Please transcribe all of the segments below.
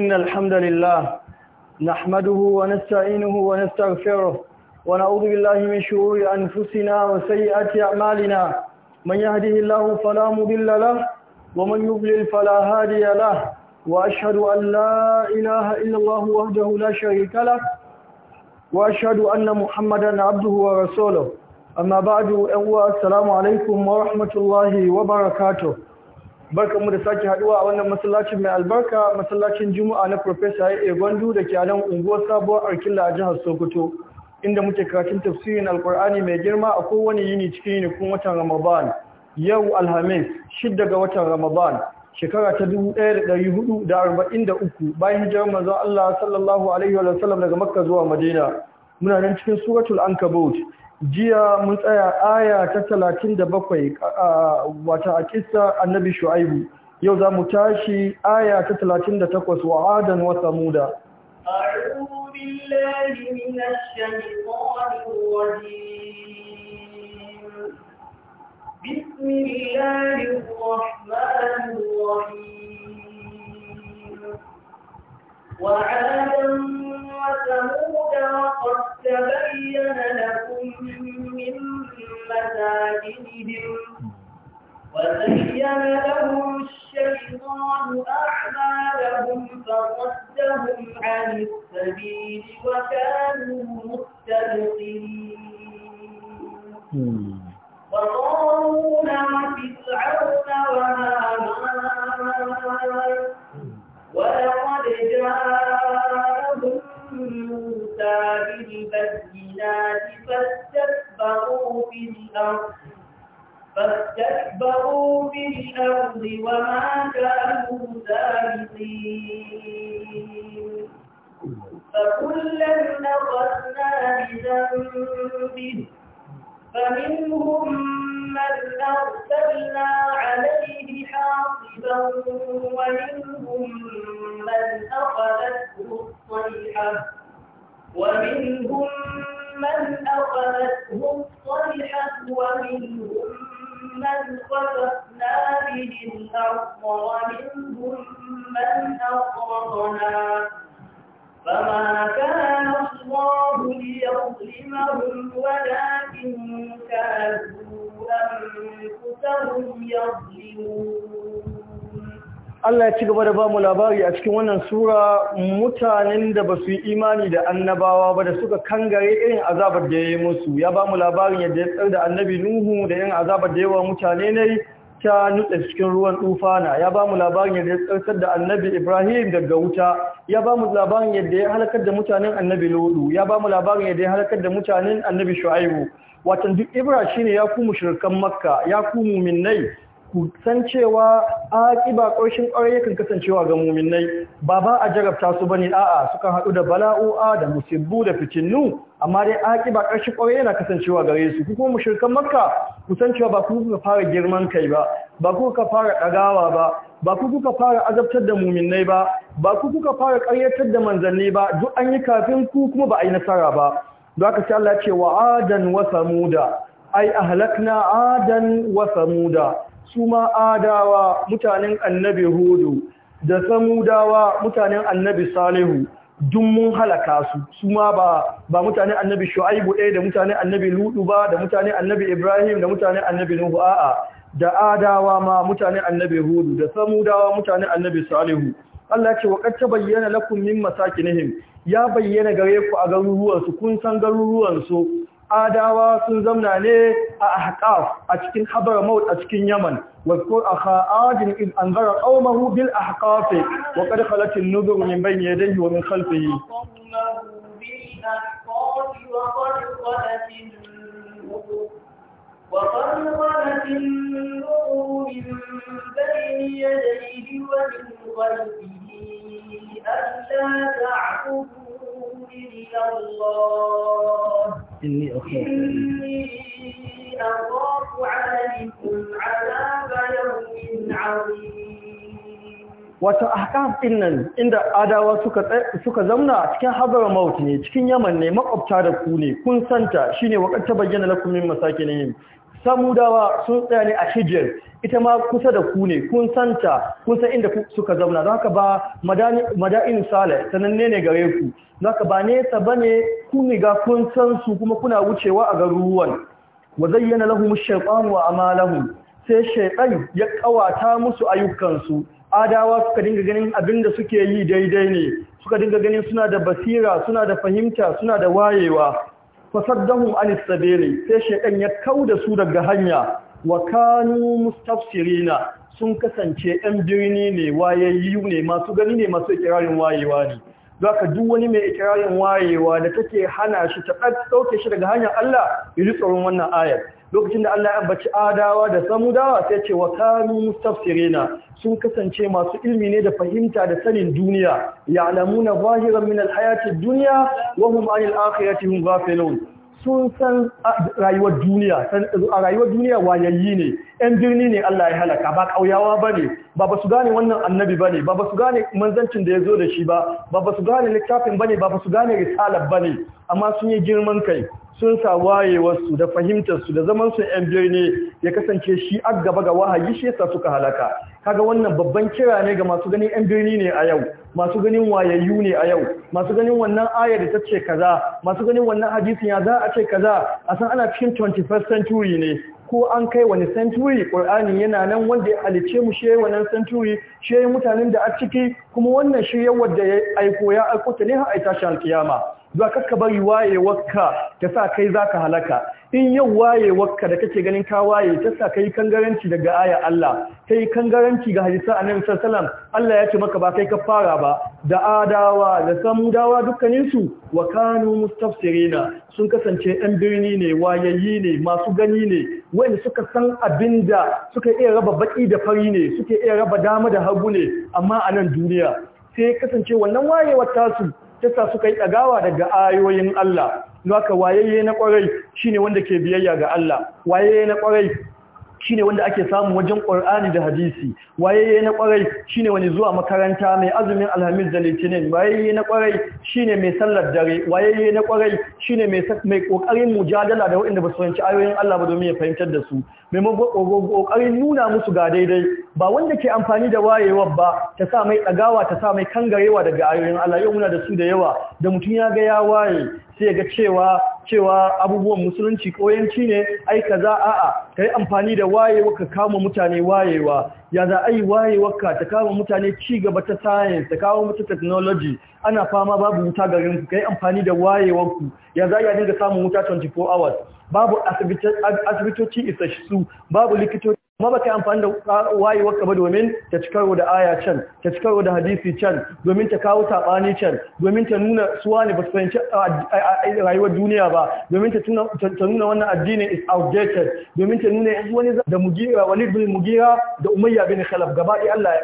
إن الحمد لله نحمده ونستعينه ونستغفره ونعوذ بالله من شرور أنفسنا وسيئات أعمالنا من يهده الله فلا مضل له ومن يضلل فلا هادي له وأشهد أن لا إله إلا الله وحده لا شريك له وأشهد أن محمدا عبده ورسوله أما بعد أوى السلام عليكم ورحمة الله وبركاته mu da sake haduwa a wannan masallacin mai albarka masallacin juma'a na professor ya gwandu da ke nan unguwar sabuwar arkilla a jihar sokoto inda muke karatun tafsirin alkur'ani mai girma a kowane yini cikin yinikun watan ramadan yau alhamis shidda ga watan ramadan shekara ta 1443 bayan hijirar manzon allah sallallahu alaihi wa sallam daga makka zuwa madina muna nan cikin suratul ankabut jiya mun tsaya aya ta talatin da bakwai wata a kissa annabi shu'aibu yau za mu tashi aya ta talatin da takwas wa adan wa samuda بسم الله الرحمن الرحيم وعادا وثمود وقد تبين لكم من مساكنهم وزين لهم الشيطان أعمالهم فصدهم عن السبيل وكانوا مستبصرين وقارون وفرعون وهامان ولقد جاءهم موسى بالبينات فاستكبروا في الأرض فاستكبروا في الأرض وما كانوا سابقين فكلا أخذنا بذنبه فمنهم من أرسلنا عليه حاصبا ومنهم ممن أخذته الصيحة ومنهم من أخذته الصيحة ومنهم من خسفنا به الأرض ومنهم من أغرقنا فما كان الله ليظلمهم ولكن كانوا أنفسهم يظلمون Allah ya ci gaba da ba mu labari a cikin wannan sura mutanen da ba su yi imani da annabawa ba da suka kangare irin azabar da ya yi musu ya ba mu labarin yadda ya tsar da annabi Nuhu da irin azabar da yawa mutane ne ta nutsa cikin ruwan tufana ya ba mu labarin yadda ya tsarkar da annabi Ibrahim daga wuta ya ba mu labarin yadda ya halakar da mutanen annabi lodu ya ba mu labarin yadda ya halakar da mutanen annabi Shu'aibu watan duk Ibra shine ya ku mushrikan Makka ya ku Minnai. ku san cewa aqiba ƙoshin ƙwarai yakan kasancewa ga muminai ba ba a jarabta su bane a'a sukan haɗu da bala'u'a da musibbu da fitinnu amma dai aƙiba ƙarshen ƙwarai yana kasancewa gare su kuma mushrikan makka ku san cewa ba ku kuka fara girman kai ba ba ku kuka fara ɗagawa ba ba ku kuka fara azabtar da muminai ba ba ku kuka fara ƙaryatar da manzanni ba duk an yi kafin ku kuma ba a yi nasara ba don haka sai Allah ya ce wa adan wa samuda ai ahlakna adan wa samuda Suma adawa mutanen annabi hudu da samudawa mutanen annabi salihu duk mun halaka su Suma ba ba mutanen annabi shu'aibu ɗaya da mutanen annabi ludu ba da mutanen annabi ibrahim da mutanen annabi nuhu a'a da adawa ma mutanen annabi hudu da samudawa mutanen annabi salihu Allah ce wa ta bayyana lakum min masakinihim ya bayyana gare ku a garuruwansu kun san garuruwansu adawa sun zamna ne a ahqaf a cikin habar maut a cikin yaman wazkur akha adin id anzara qawmahu bil ahqaf wa qad khalat an nuzur min bayni yadayhi wa min khalfihi وقد قلت النور من بين يديه ومن خلفه ألا تعبدوا إلى الله إني أخاف عليكم عذاب يوم عظيم ahkam din nan inda adawa suka suka zauna a cikin habar maut ne cikin yaman ne makwabta da ku ne kun santa shine wa kad tabayyana lakum min masakinihim samudawa sun tsaya ne a hijir ita ma kusa da ku ne kun santa kun san inda suka zauna don haka ba mada'in sale sananne ne gare ku don haka ba nesa ba ne kun riga kun san su kuma kuna wucewa a garuruwan wa zayyana lahu shaytan wa amalahum sai shaytan ya kawata musu ayyukansu adawa suka dinga ganin abin da suke yi daidai ne suka dinga ganin suna da basira suna da fahimta suna da wayewa fasaddahu anis sabili sai shekan ya kauda su daga hanya wa kanu mustafsirina sun kasance ɗan birni ne wayayyu ne masu gani ne masu ikirarin wayewa ne zaka duk wani mai ikirarin wayewa da take hana shi ta ɗauke shi daga hanyar Allah yi tsoron wannan ayar lokacin da Allah ya ambaci adawa da samudawa sai ce wa kanu mustafsirina sun kasance masu ilmi ne da fahimta da sanin duniya ya'lamuna na min al-hayati duniya wa hum 'anil akhirati hum ghafilun sun san rayuwar duniya a rayuwar duniya wayayyi ne yan birni ne Allah ya halaka ba kauyawa bane ba ba su gane wannan annabi bane ba ba su gane manzancin da ya zo da shi ba ba ba su gane littafin bane ba ba su gane risalar bane amma sun yi girman kai sun sa wayewarsu da fahimtarsu da zaman zamansu yan birni ya kasance shi a gaba ga wahayi shi yasa suka halaka kaga wannan babban kira ne ga masu ganin yan birni ne a yau masu ganin wayayyu ne a yau masu ganin wannan aya da ta ce kaza masu ganin wannan hadisin ya za a ce kaza a san ana cikin 21st century ne ko an kai wani century ƙur'ani yana nan wanda ya halice mu shi wannan century shi mutanen da a ciki kuma wannan shi wanda ya aiko ya aiko ta ne har aita shi alkiyama bari wayewarka ta sa kai zaka halaka in yau wayewarka da kake ganin ka waye ta sa kai kangaranci daga aya Allah kai kangaranci ga hadisi annabi sallallahu alaihi wasallam Allah ya ce maka ba kai ka fara ba da adawa da samudawa dukkanin su wa kanu mustafsirina sun kasance ɗan birni ne wayayyi ne masu gani ne wanda suka san abinda suka iya raba baki da fari ne suka iya raba dama da hagu ne amma a nan duniya sai kasance wannan wayewar tasu ta sa suka yi ɗagawa daga ayoyin Allah haka wayayye na kwarai shine wanda ke biyayya ga Allah wayayye na kwarai shine wanda ake samu wajen Qur'ani da hadisi wayayye na kwarai shine wani zuwa makaranta mai azumin alhamis da litinin wayayye na kwarai shine mai sallar dare wayayye na kwarai shine mai mai kokarin mujadala da waɗanda ba su fahimci ayoyin Allah ba domin ya fahimtar da su ƙoƙarin nuna musu ga daidai ba wanda ke amfani da wayewar ba ta sa mai ɗagawa ta sa mai kangarewa daga ayoyin Allah yau muna da su da yawa da mutum ya ga ya waye sai ga cewa cewa abubuwan musulunci koyanci ne ai kaza a'a kai amfani da wayewa ka kama mutane wayewa ya za ai wayewa ka ta kama mutane ci gaba ta science ta kawo mutu technology ana fama babu wuta garin ku kai amfani da wayewar ku ya za ya dinga samun wuta 24 hours babu asibitoci isassu babu likitoci ma ba ka yi amfani da wayewar ka ba domin ta ci karo da aya can ta ci karo da hadisi can domin ta kawo saɓani can domin ta nuna suwa ne ba su fahimci rayuwar duniya ba domin ta nuna wannan addinin is outdated domin ta nuna yanzu wani da mugira wani bin mugira da umayya bin khalaf gaba ɗaya Allah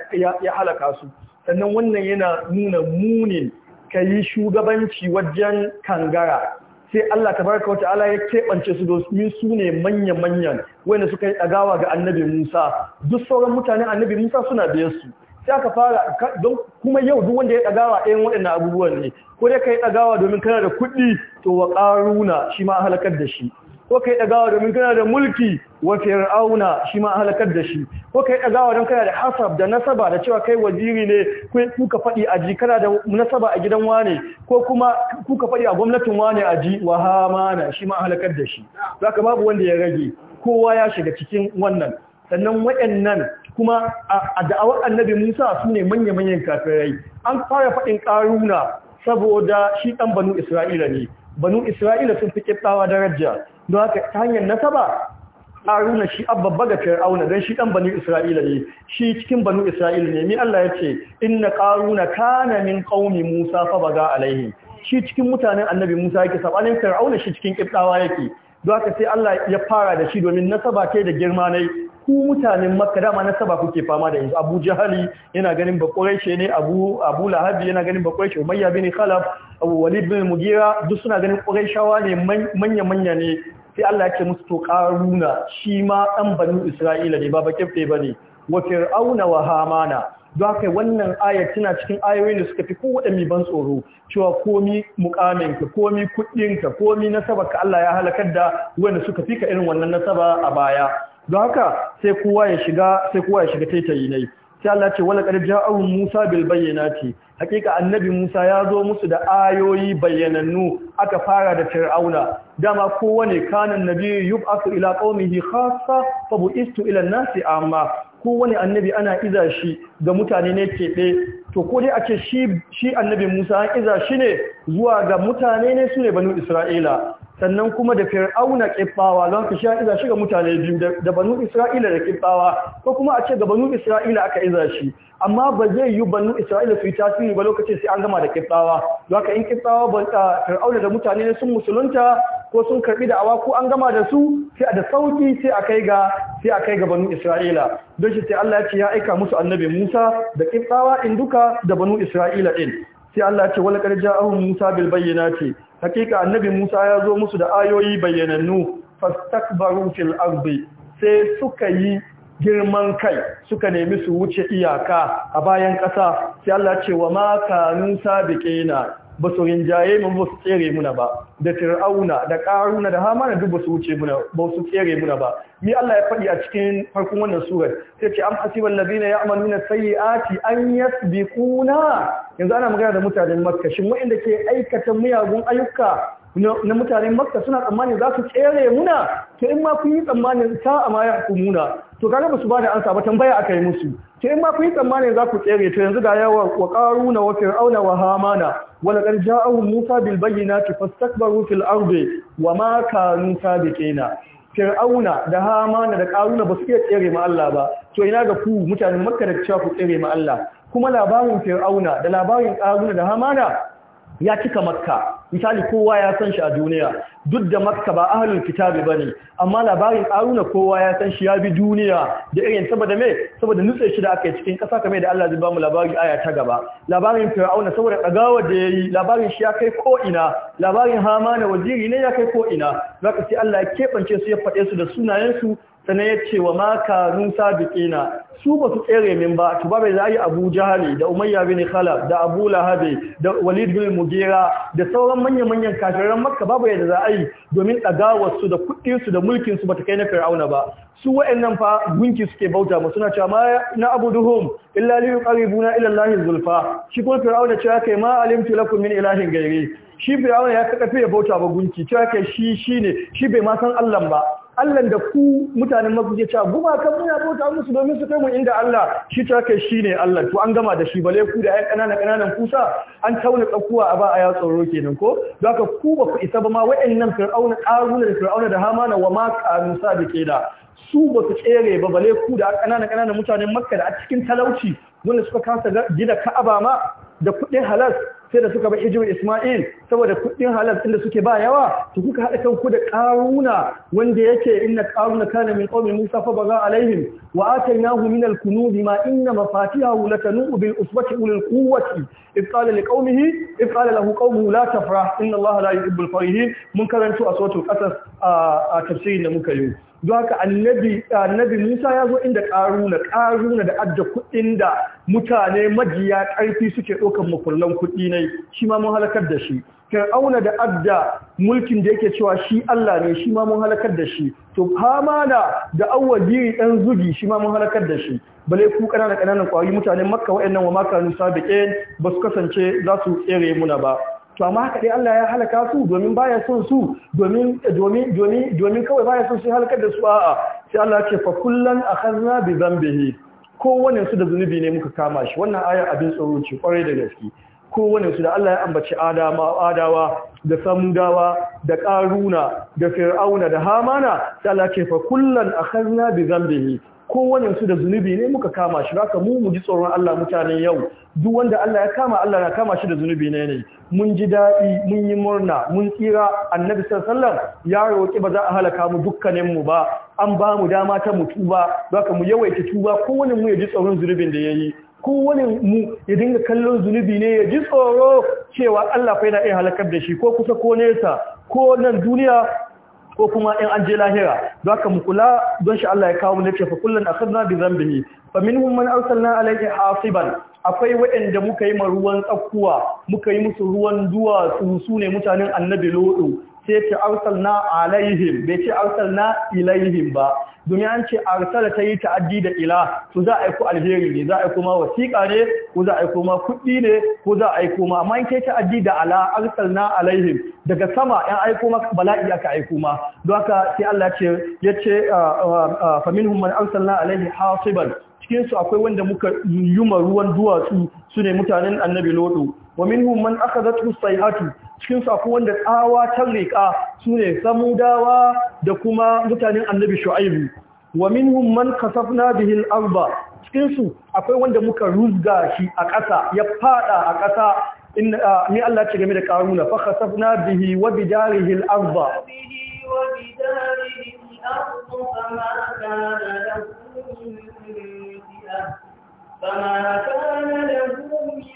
ya halaka su sannan wannan yana nuna munin ka yi shugabanci wajen kangara sai Allah wata wata'ala ya keɓance su domin su ne manya-manyan wanda suka yi ɗagawa ga annabi Musa duk sauran mutanen annabi Musa suna biyar su sai aka fara don kuma yau duk wanda ya ɗagawa ɗayan waɗannan abubuwan ne ko dai ka yi ɗagawa domin kana da kuɗi to wa ƙaruna shi ma halakar da shi ko kai dagawa domin kana da mulki wa fir'auna shi ma halakar da shi ko kai dagawa don kana da hasab da nasaba da cewa kai waziri ne ko kuka fadi ji kana da nasaba a gidan wane ko kuma kuka fadi a gwamnatin wane ji wa hamana shi ma halakar da shi zaka babu wanda ya rage kowa ya shiga cikin wannan sannan waɗannan kuma a da'awar annabi Musa su ne manya-manyan kafirai an fara faɗin ƙaruna saboda shi ɗan banu Isra'ila ne banu Isra'ila sun fi ƙiɓɓawa daraja don haka ta hanyar nasaba runa shi babba ga fir'auna don shi ɗan banu isra'ila ne shi cikin banu isra'ila ne mi Allah ya ce inna qaruna kana min ƙaunin musa fa ga alaihi shi cikin mutanen annabi musa yake saɓanin fir'auna shi cikin ƙibɗawa yake don haka sai Allah ya fara da shi domin nasaba ke da girma ne ku mutanen makka dama na saba kuke fama da yanzu abu jahali yana ganin bakwaishe ne abu abu lahabi yana ganin bakwaishe umayya bin khalaf abu walid bin mugira duk suna ganin shawa ne manya manya ne sai Allah ya ce musu to karuna shi ma dan banu isra'ila ne ba bakefe bane wa fir'auna wa hamana don haka wannan aya tana cikin ayoyin da suka fi mai ban tsoro cewa komi mukaminka komi kuɗinka komi nasabarka Allah ya halakar da wanda suka fi ka irin wannan nasaba a baya don haka sai kowa ya shiga sai kowa ya shiga taitayi ne sai Allah ce wala qad ja'a Musa bil bayyinati hakika annabi Musa ya zo musu da ayoyi bayyanannu aka fara da Fir'auna dama kowane kanan nabi yub'athu ila qaumihi khassa fa bu'istu ila an-nasi amma kowane annabi ana iza shi ga mutane ne keɓe to ko dai a ce shi annabi Musa an iza shi ne zuwa ga mutane ne su ne banu Isra'ila sannan kuma da fir'auna kibbawa don ka sha iza shiga mutane biyu da banu isra'ila da kibbawa ko kuma a ce ga banu isra'ila aka iza shi amma ba zai yi banu isra'ila su yi tasiri ba lokacin sai an gama da kibbawa don ka in kibbawa ba fir'auna da mutane sun musulunta ko sun karbi da awa ko an gama da su sai a da sauki sai a kai ga sai a kai ga banu isra'ila don shi sai Allah ya ce ya aika musu annabi Musa da kibbawa in duka da banu isra'ila din sai Allah ce wala qad Musa bil bayyinati hakika annabi Musa ya zo musu da ayoyi bayyanannu fastakbaru fil ardi sai suka yi girman kai suka nemi su wuce iyaka a bayan ƙasa sai Allah ce wa ma kanu sabiqina ba su rinjaye mu ba su tsere muna ba da fir'auna da karuna da hamana duk ba su wuce muna ba su tsere muna ba ni Allah ya faɗi a cikin farkon wannan surar sai ce am hasiban ladina ya'maluna sayyi'ati an yasbiquna yanzu ana magana da mutanen Makka shin waɗanda ke aikata miyagun ayyuka na mutanen makka suna tsammanin za su tsere muna to in ma kun yi tsammanin sa a ma ya to kaga basu bada ansa ba tambaya aka yi musu to in ma kun yi tsammanin za ku tsere to yanzu ga yawa wa na wa fir'auna wa hamana wa laqad ja'ahum musa bil bayyinati fastakbaru fil ardi wa ma kanu sabiqina fir'auna da hamana da ba basu iya tsere ma Allah ba to ina ga ku mutanen makka da cewa ku tsere ma Allah kuma labarin fir'auna da labarin qaruna da hamana ya cika makka misali kowa ya san shi a duniya duk da makka ba ahlul kitabi bane amma labarin karuna kowa ya san shi ya bi duniya da irin saboda me saboda nutse shi da aka yi cikin kasa kamar da Allah zai ba mu labari aya ta gaba labarin fir'auna saboda dagawa da yayi labarin shi ya kai ko ina labarin hamana waziri ne ya kai ko ina zaka sai Allah ya kebance su ya fade su da sunayen su sannan ya ce wa maka nusa biƙina su ba su tsere min ba tuba bai za a yi abu jahali da umayya bin khalaf da abu lahabe da walid bin mugera da sauran manya-manyan kafiran makka babu yadda za a yi domin ɗagawarsu da kuɗinsu da mulkinsu ba ta kai na fir'auna ba su wa'annan fa gunki suke bauta mu suna cewa ma na abuduhum illa li yuqarribuna ila allahi zulfa shi ko fir'auna cewa kai ma alimtu lakum min ilahin gairi shi fir'auna ya kafa ya bauta ba gunki cewa kai shi shine shi bai ma san Allah ba Allah da ku mutanen maku ke guba gumakan muna bauta musu domin su kai mu inda Allah shi ta kai shi ne Allah to an gama da shi bale ku da ai ƙananan ƙananan kusa an tauna tsakuwa a ba a ya tsoro kenan ko don haka ku ba ku isa ba ma waɗannan fir'auna qaruna da fir'auna da hamana wa ma ƙarusa da su ba su tsere ba bale ku da ƙananan ƙananan mutanen makka da a cikin talauci wanda suka kasa gina ka'aba ma da kuɗin halas sai da suka bai hijimin Ismail saboda kuɗin halar inda suke ba yawa su kuka haɗa kanku da ƙaruna wanda yake inna ƙaruna kana min qaumin Musa fa baga alaihim wa atainahu min al-kunuz ma inna mafatihahu latanu bil usbati ulil quwwati id qala liqaumihi id qala lahu qaumuhu la tafrah inna Allah la yuhibbul farihin mun karantu a suratul qasas a tafsirin da muka yi don haka annabi musa ya zo inda ƙaruna ƙaruna da adda kuɗin da mutane majiya ƙarfi suke ɗaukan makullan kuɗi ne shi ma mun halakar da shi auna da adda mulkin da yake cewa shi Allah ne shi ma mun halakar da shi to hamana da awwabiri ɗan zugi shi ma mun halakar da shi bale ku kanana kananan kwayoyi mutanen makka wa'annan wa makanu ba su kasance za su tsere muna ba to amma haka dai Allah ya halaka su domin baya son su domin domin domin domin kawai baya son su halakar da su a'a sai Allah ya ce fa kullan akhadna bi dhanbihi kowanne su da zunubi ne muka kama shi wannan aya abin tsoro ce kwarai da gaske kowane su da Allah ya ambaci Adama, Adawa, da Samudawa, da Karuna, da Fir'auna, da Hamana, sai Allah ce fa kullan akhadna bi zambihi kowane su da zunubi ne muka kama shi haka mu mu ji tsoron Allah mutane yau duk wanda Allah ya kama Allah na kama shi da zunubi ne ne mun ji daɗi mun yi murna mun tsira annabi sallallahu ya roki ba za a halaka mu dukkanin mu ba an ba mu dama ta mutu ba haka mu yawaita tuba kowane mu ya ji tsoron zunubin da yayi kowane mu ya dinga kallon zunubi ne ya ji tsoro cewa Allah fa yana iya halakar da shi ko kusa ko nesa ko nan duniya ko kuma in an je lahira don haka mu kula don shi Allah ya kawo mu nace fa kullun akhadna bi dhanbihi fa minhum man arsalna alayhi hasiban akwai waɗanda muka yi ma ruwan tsakkuwa muka yi musu ruwan duwatsu su ne mutanen annabi lodu sai ce arsalna alaihim bai ce na ilaihim ba domin an ce arsala ta yi ta'addi da ila to za a aiko alheri ne za a aiko ma wasiƙa ne ko za a aiko ma kuɗi ne ko za a aiko ma amma in kai ta'addi da ala arsalna alaihim daga sama yan aiko ma bala'i aka aiko ma don haka sai Allah ce ce ah, ah, ah, fa minhum man arsalna alaihi hasiban cikin su akwai wanda muka yuma ruwan duwatsu su ne mutanen annabi lodo wa aka man akhadathu sayhatu cikin su akwai wanda tsawa ta riƙa sune samudawa da kuma mutanen annabi shu'aibu wa minhum man kasafna bihin alba, cikinsu akwai wanda muka ruzga shi a ƙasa ya fada a ƙasa in ni Allah ce game da karuna fa kasafna bihi wa bidarihi al-arba فما كان له من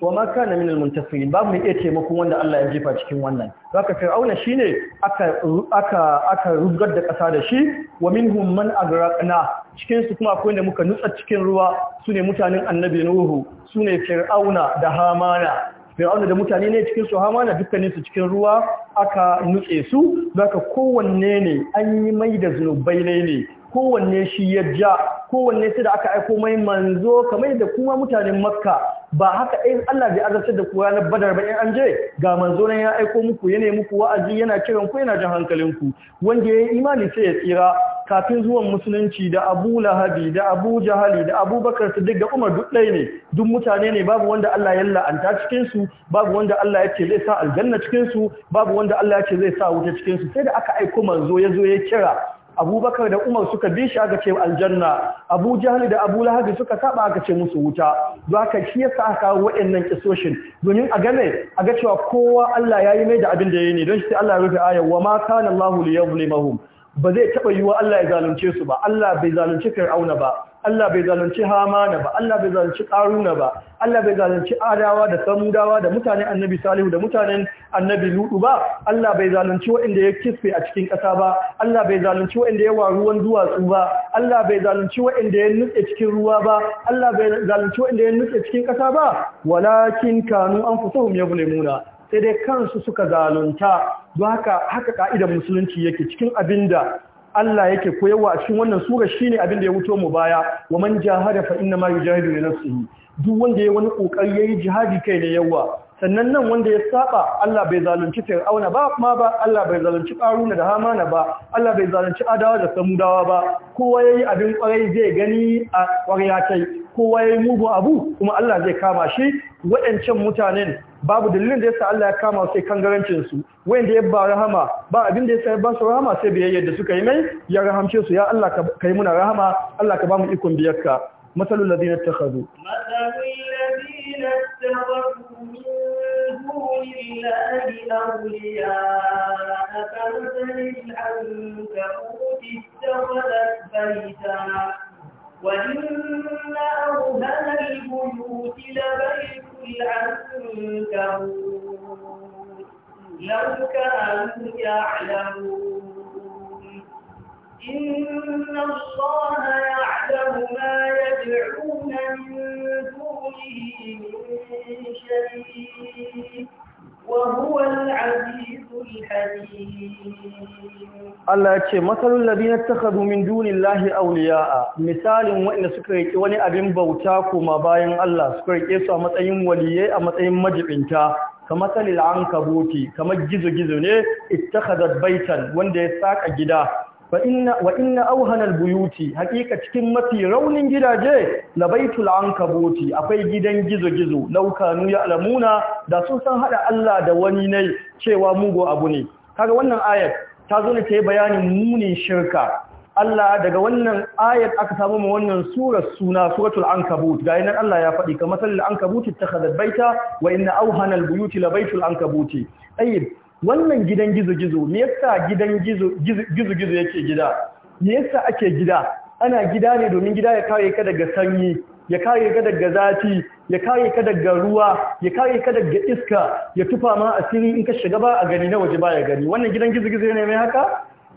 wa ma kana minal muntasirin babu mai iya taimakon wanda Allah ya jefa cikin wannan zaka fir'auna shine aka aka aka rugar da kasa da shi wa minhum man agraqna cikin su kuma akwai da muka nutsa cikin ruwa sune mutanen annabi nuhu sune fir'auna da hamana fir'auna da mutane ne cikin su na dukkanin su cikin ruwa aka nutse su zaka kowanne ne an yi mai da zunubai ne ne kowanne shi ya ja kowanne sai da aka aiko mai manzo kamar da kuma mutanen makka ba haka in Allah zai azabtar da ku na badar ba in an je ga manzo nan ya aiko muku yana muku wa'azi yana kiran ku yana jan hankalinku. ku wanda yayi imani sai ya tsira kafin zuwan musulunci da Abu Lahabi da Abu Jahali da Abu Bakar Siddiq da Umar duk ɗaya ne duk mutane ne babu wanda Allah ya la'anta cikin su babu wanda Allah ya ce zai sa aljanna cikin su babu wanda Allah ya ce zai sa wuta cikin su sai da aka aiko manzo ya zo ya kira abubakar da umar suka bi shi aka ce aljanna abu jahali da abu lahabi suka saba aka ce musu wuta don haka shi ya sa aka kawo waɗannan kisoshin domin a game a ga cewa kowa Allah ya yi mai da abin da ya ne don shi Allah ya rufe ayar wa ma kana Allahu liyazlimahum ba zai taɓa yiwa Allah ya zalunce su ba Allah bai zalunci Fir'auna ba Allah bai zalunci Hamana ba Allah bai zalunci Karuna ba Allah bai zalunci Adawa da Samudawa da mutanen Annabi Salihu da mutanen Annabi Lutu ba Allah bai zalunci waɗanda ya kisfe a cikin ƙasa ba Allah bai zalunci waɗanda ya waru ruwan duwatsu ba Allah bai zalunci waɗanda ya nutse cikin ruwa ba Allah bai zalunci waɗanda ya nutse cikin ƙasa ba walakin kanu an fi anfusuhum muna. sai dai kansu suka zalunta don haka haka ka'idar musulunci yake cikin abinda Allah yake koyarwa a cikin wannan sura shine abin da ya wuto mu baya wa man jahada fa inna ma yujahidu li nafsihi duk wanda yayi wani kokari yayi jihadi kai ne yawa sannan nan wanda ya saba Allah bai zalunci Fir'auna ba kuma ba Allah bai zalunci Karuna da Hamana ba Allah bai zalunci Adawa da Samudawa ba kowa yi abin kwarai zai gani a kwariya kai kowa yayi mugu abu kuma Allah zai kama shi waɗancan mutanen babu dalilin da yasa Allah ya kama sai kangarancin su wanda ya ba rahama ba abin da yasa ya ba su rahama sai biyayya da suka yi mai ya rahamce su ya Allah ka yi muna rahama Allah ka ba mu ikon biyarka masalul ladina takhadu masalul لله أولياء العنكبوت اتخذت بيتا وإن أوهن البيوت لبيت العنكبوت لو كانوا يعلمون إن الله يعلم ما يدعون من دونه من شيء وهو العزيز الحكيم الله يتشي مثل الذين اتخذوا من دون الله أولياء مثال وإن سكريك وني أبين بوتاكو ما باين الله سكريك يسوى متأين ولياء متأين مجبنتا كمثل العنكبوتي كما جزو جزو ne ittakhadhat baitan wanda ya saka gida wa inna auhanal buyuti hakika cikin mafi raunin gidaje labaitul ankabuti akwai gidan gizo-gizo laukanu ya alamuna da sun san hada Allah da wani ne cewa mugo abu ne kaga wannan ayat ta zo ne ta yi bayanin munin shirka Allah daga wannan ayat aka samu mu wannan surar suna suratul ankabut ga yanan Allah ya faɗi kamar sallal ankabut ittakhadhat baita wa inna awhana albuyuti labaitul ankabuti ayyib wannan gidan gizo-gizo me yasa gidan gizo-gizo yake gida me yasa ake gida ana gida ne domin gida ya kare ka daga sanyi ya kare ka daga zafi ya kare ka daga ruwa ya kare ka daga iska ya tufa ma asiri in ka shiga ba a gani na waje ba ya gani wannan gidan gizo-gizo ne mai haka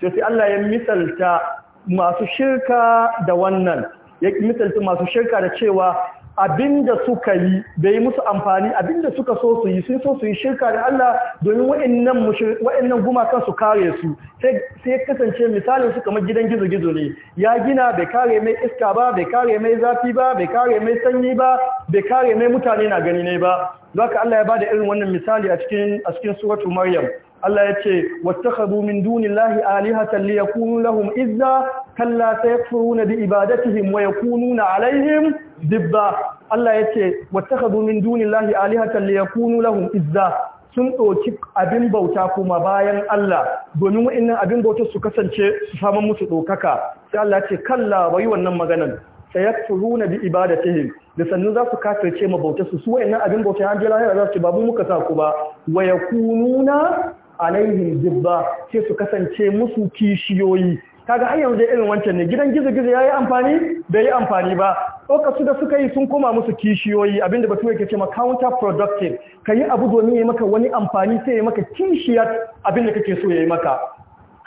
to sai Allah ya misalta masu shirka da wannan ya misalta masu shirka da cewa abinda suka yi bai musu amfani abinda suka so su yi sun so su yi shirka da Allah domin waɗannan gumakan su kare su sai ya kasance misalin su kamar gidan gizo-gizo ne ya gina bai kare mai iska ba bai kare mai zafi ba bai kare mai sanyi ba bai kare mai mutane na gani ne ba ka Allah ya bada irin wannan misali a cikin a cikin suratul maryam Allah ya ce wattakhadhu min dunillahi alihatan liyakunu lahum izza kalla sayakfuruna bi ibadatihim wa yakununa alaihim dibba Allah yace wattakhadhu min lahi alihatan kunu lahum izza sun ɗauki abin bauta kuma bayan Allah domin wa'annan abin bauta su kasance su samu musu ɗaukaka sai Allah ce kalla bai wannan maganan sayakfuruna bi ibadatihim da sannu za su ce ma bauta su su wa'annan abin bauta an je lahira za su ce babu muka sa ku ba wa yakununa alaihim dibba sai su kasance musu kishiyoyi kaga ai yanzu irin wancan ne gidan gizo gizo yayi amfani bai yi amfani ba lokacin da suka yi sun koma musu kishiyoyi abinda bature ke cewa counter productive kayi abu domin ya maka wani amfani sai ya maka kishiyar abinda kake so ya yi maka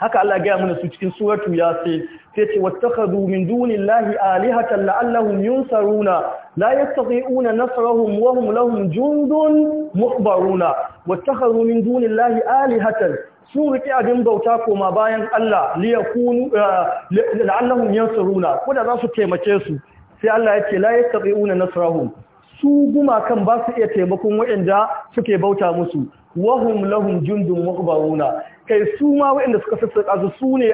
haka Allah gaya mana su cikin suratu yasin sai ce wattakhadhu min duni dunillahi alihatan la'allahum yunsaruna la yastati'una nasrahum wa hum lahum jundun muhbaruna wattakhadhu min duni dunillahi alihatan su riƙe abin bauta koma bayan Allah liyakunu eh, la'allahum yansuruna ko da za su taimake su sai Allah ya ce la yastabi'una nasrahum su gumakan ba su iya taimakon waɗanda suke bauta musu wahum lahum jundun muqbaruna kai su ma waɗanda suka sassaƙa su sune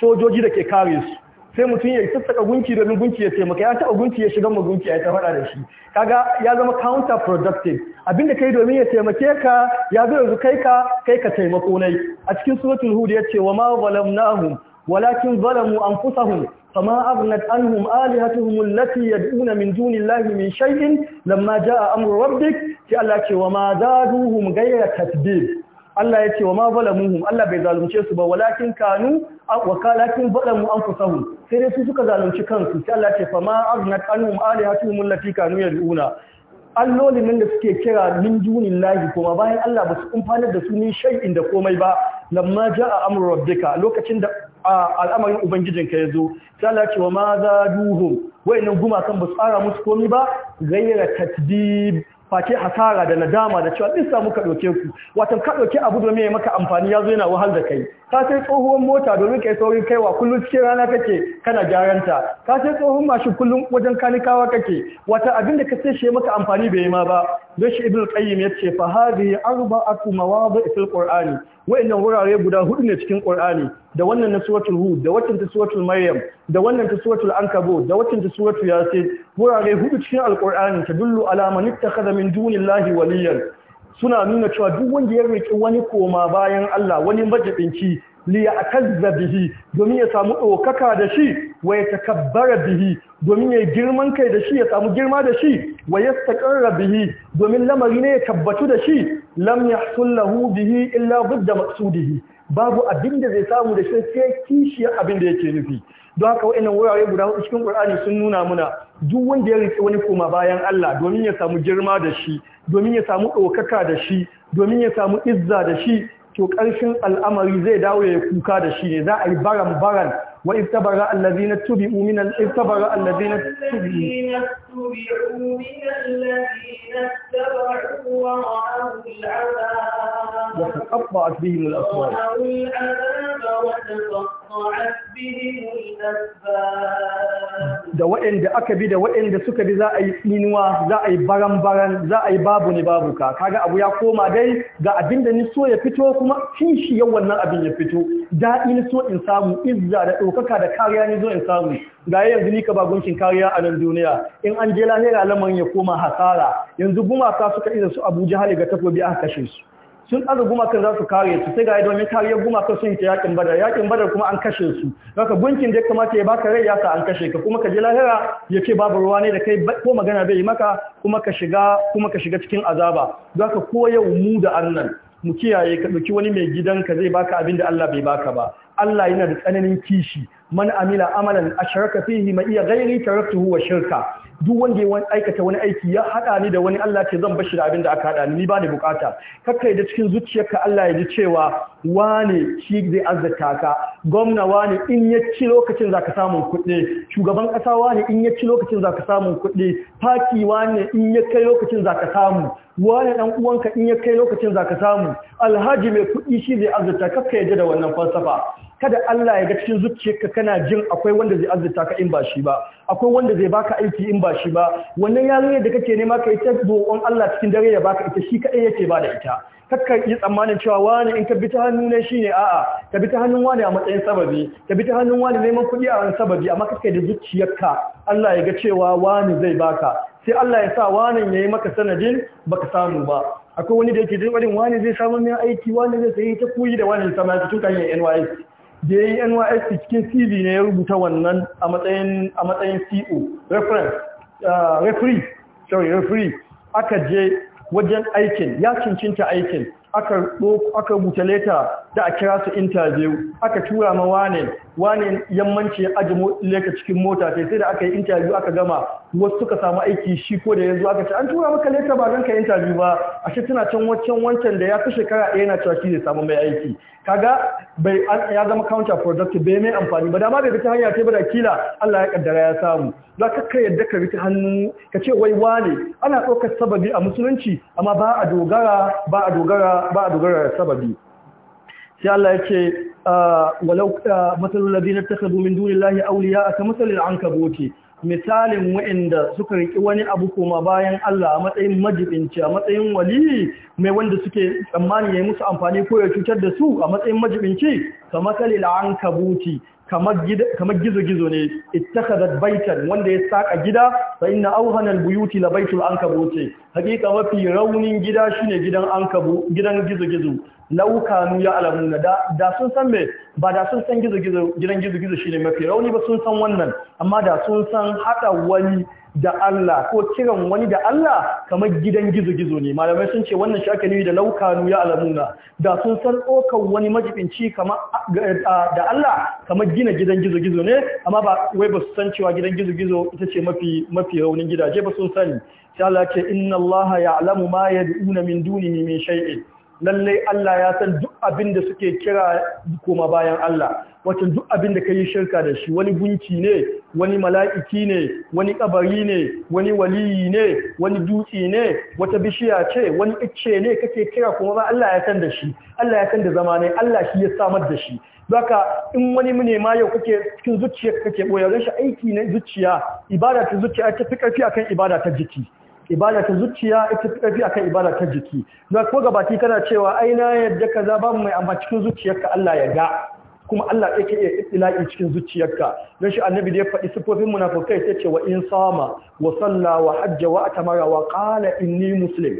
sojoji da ke kare su sai mutum ya sassaka gunki da gunki ya taimaka ya taba gunki ya shiga magunki ya faɗa da shi kaga ya zama counter productive abinda kai domin ya taimake ka ya zo yanzu kai ka kai ka taimako nai a cikin suratul hud ya ce wa ma zalamnahum walakin zalamu anfusahum anhum alihatuhum allati yad'una min يدعون من min الله من شيء لما rabbik ki ربك wa ma zaduhum ghayra tadbir Allah ya ce wa ma zalamuhum Allah bai zalunce su ba walakin kanu wa kalakin zalamu anfusahum sai dai su suka zalunci kansu sai Allah ya ce fa ma aznat anhum alihatuhum allati kanu yad'una allolin nan da suke kira min dunillahi kuma bayan Allah ba su kumfanar da su ni shay'in da komai ba lamma jaa amru rabbika lokacin da al'amarin ubangijinka yazo sai Allah ya ce wa ma zaduhum guma kan ba su tsara musu komai ba gayyara tadbib face hasara da nadama da cewa lissa muka ɗauke ku watan ka ɗauki abu domin ya maka amfani ya yana wahal da kai ka sai tsohuwar mota domin kai saurin kaiwa kullum cikin rana kake kana gyaranta ka sai tsohon mashin kullum wajen kanikawa kake wata abin da ka sai shi maka amfani bai yi ma ba don shi ibnu qayyim ya ce fa hadhihi arba'atu mawadi fil qur'ani wayannan wurare guda hudu ne cikin Qur'ani da wannan na suratul Hud da wannan ta suratul Maryam da wannan ta suratul Ankabut da wannan ta suratul Yasin wurare hudu cikin Al-Qur'ani tadullu ala man ittakhadha min dunillahi waliyan suna nuna cewa duk wanda ya riki wani koma bayan Allah wani majibinci li ya'tazza bihi domin ya samu ɗaukaka da shi wa ya takabbara bihi domin ya girman kai da shi ya samu girma da shi wa ya yastaqarra bihi domin lamari ne ya tabbatu da shi lam ya bihi illa budda maqsudihi babu abin da zai samu da shi sai kishiyar abin da yake nufi don haka wa'annan wurare guda hudu cikin Qur'ani sun nuna muna duk wanda ya rike wani koma bayan Allah domin ya samu girma da shi domin ya samu ɗaukaka da shi domin ya samu izza da shi to ƙarshen al'amari zai dawo ya kuka da shi ne za a yi baran baran وإذ تبرأ الذين اتبعوا من ال... إذ تبرأ الذين اتبعوا من الذين اتبعوا ورأوا العذاب وتقطعت بهم الأسباب ورأوا العذاب وتقطعت بهم الأسباب da waɗanda aka bi da waɗanda suka bi za a yi tsinuwa za a yi baran-baran za a yi babu ne babu ka kaga abu ya koma dai ga abin da ni so ya fito kuma kishi yawan nan abin ya fito daɗi ni so in samu izza da ɗauka ɗaukaka da kariya ne zo in samu ga yanzu ni ka ba gunkin kariya a nan duniya in an je lahira lamarin ya koma hasara yanzu gumaka suka isa su Abuja hali ga takobi aka kashe su sun ɗaga gumakan za su kare su sai ga domin kariyar gumakan sun ta yakin badar yakin badar kuma an kashe su haka gunkin da ya kamata ya baka rai ya sa an kashe ka kuma ka je lahira ya ce babu ruwa ne da kai ko magana bai yi maka kuma ka shiga kuma ka shiga cikin azaba zaka ka mu da annan mu kiyaye ka ɗauki wani mai gidan ka zai baka abin da Allah bai baka ba Allah yana da tsananin kishi man amila amalan asharaka fihi ma iya gairi, taraktuhu huwa, shirka duk wanda ya aikata wani aiki ya hada ni da wani Allah ce zan bashi da abin da aka hada ni ni ba ni bukata kakkai da cikin zuciyarka Allah ya ji cewa wane shi zai azzata ka gwamna wane in ya ci lokacin zaka samu kuɗi shugaban ƙasa wane in ya ci lokacin zaka samu kuɗi faki wane in ya kai lokacin zaka samu wane dan uwanka in ya kai lokacin zaka samu alhaji mai kuɗi shi zai azzata kakkai da wannan falsafa kada Allah ya ga cikin zuciyarka kana jin akwai wanda zai azurta ka in ba shi ba akwai wanda zai baka aiki in ba shi ba wannan yarinyar da kake nema ka ita on Allah cikin dare ya baka ita shi kadai yake ba da ita kakka yi tsammanin cewa wani in ka bi ta hannu ne shine a'a ka bi ta hannun wani a matsayin sababi ka bi ta hannun wani neman kuɗi a sababi amma kake da zuciyarka Allah ya ga cewa wani zai baka sai Allah ya sa wani ya yi maka sanadin baka samu ba akwai wani da yake jin wani zai samu mai aiki wani zai sayi ta kuyi da wani sama tun kan NYC da ya nysc cikin cv ne ya rubuta wannan a matsayin a matsayin co reference uh, referee sorry referee aka je wajen aikin ya cincinta aikin aka rubuta leta da a kira su interview aka tura ma wane wane yammanci ya aji leka cikin mota sai sai da aka yi interview aka gama wasu suka samu aiki shi ko da yanzu aka ce an tura maka leta ba zan ka interview ba a shi tana can wancan wancan da ya fi shekara ɗaya na cewa shi zai samu mai aiki kaga bai ya zama counter productive bai mai amfani ba dama bai bi ta hanya ce ba da kila Allah ya kaddara ya samu za ka kai yadda ka rufe hannu ka ce wai wane ana ɗaukar sababi a musulunci amma ba a dogara ba a dogara ba a dogara sababi sai Allah ya ce walau matsalin labina ta sabu min duni lahi auliya a kamatsalin an kabote misalin wa'inda suka riƙi wani abu koma bayan Allah a matsayin majibinci a matsayin wali mai wanda suke tsammani ya yi musu amfani ko ya cutar da su a matsayin majibinci kamatsalin an kabote kamar gizo-gizo ne ittakhadhat baitan wanda ya saka gida fa inna awhana albuyuti la baitul ankabut hakika mafi raunin gida shine gidan ankabu gidan gizo-gizo laukanu ya alamuna da sun san mai ba da sun san gidan gizo-gizo shi ne mafi rauni ba sun san wannan amma da sun san haɗa wani da Allah ko kiran wani da Allah kamar gidan gizo-gizo ne malamai sun ce wannan shi ake da laukanu ya alamuna da sun san ɗaukar wani majibinci da Allah kamar gina gidan gizo-gizo ne amma ba wai ba su san cewa gidan gizo-gizo ita ce mafi raunin gidaje ba sun sani sai Allah ce inna Allah ya alamu ma ya du'una min ne min shay'in lalle Allah ya san duk abin da suke kira koma bayan Allah wato duk abin da kai shirka da shi wani gunki ne wani mala'iki ne wani kabari ne wani waliyi ne wani dutse ne wata bishiya ce wani icce ne kake kira kuma bayan Allah ya san da shi Allah ya san da zama Allah shi ya samar da shi Zaka in wani ne ma yau kake cikin zuciya kake boye shi aiki na zuciya ibada ta zuciya ta fi karfi akan ibada ta jiki ibada ta zuciya ita fi akan ibada ta jiki na ko gabaki kana cewa ai na yadda kaza ba mai amma cikin zuciyarka Allah ya ga kuma Allah yake iya ilahi cikin zuciyarka dan shi annabi da ya faɗi sifofin munafukai sai ce wa in sama wa salla wa hajja wa atamara wa qala inni muslim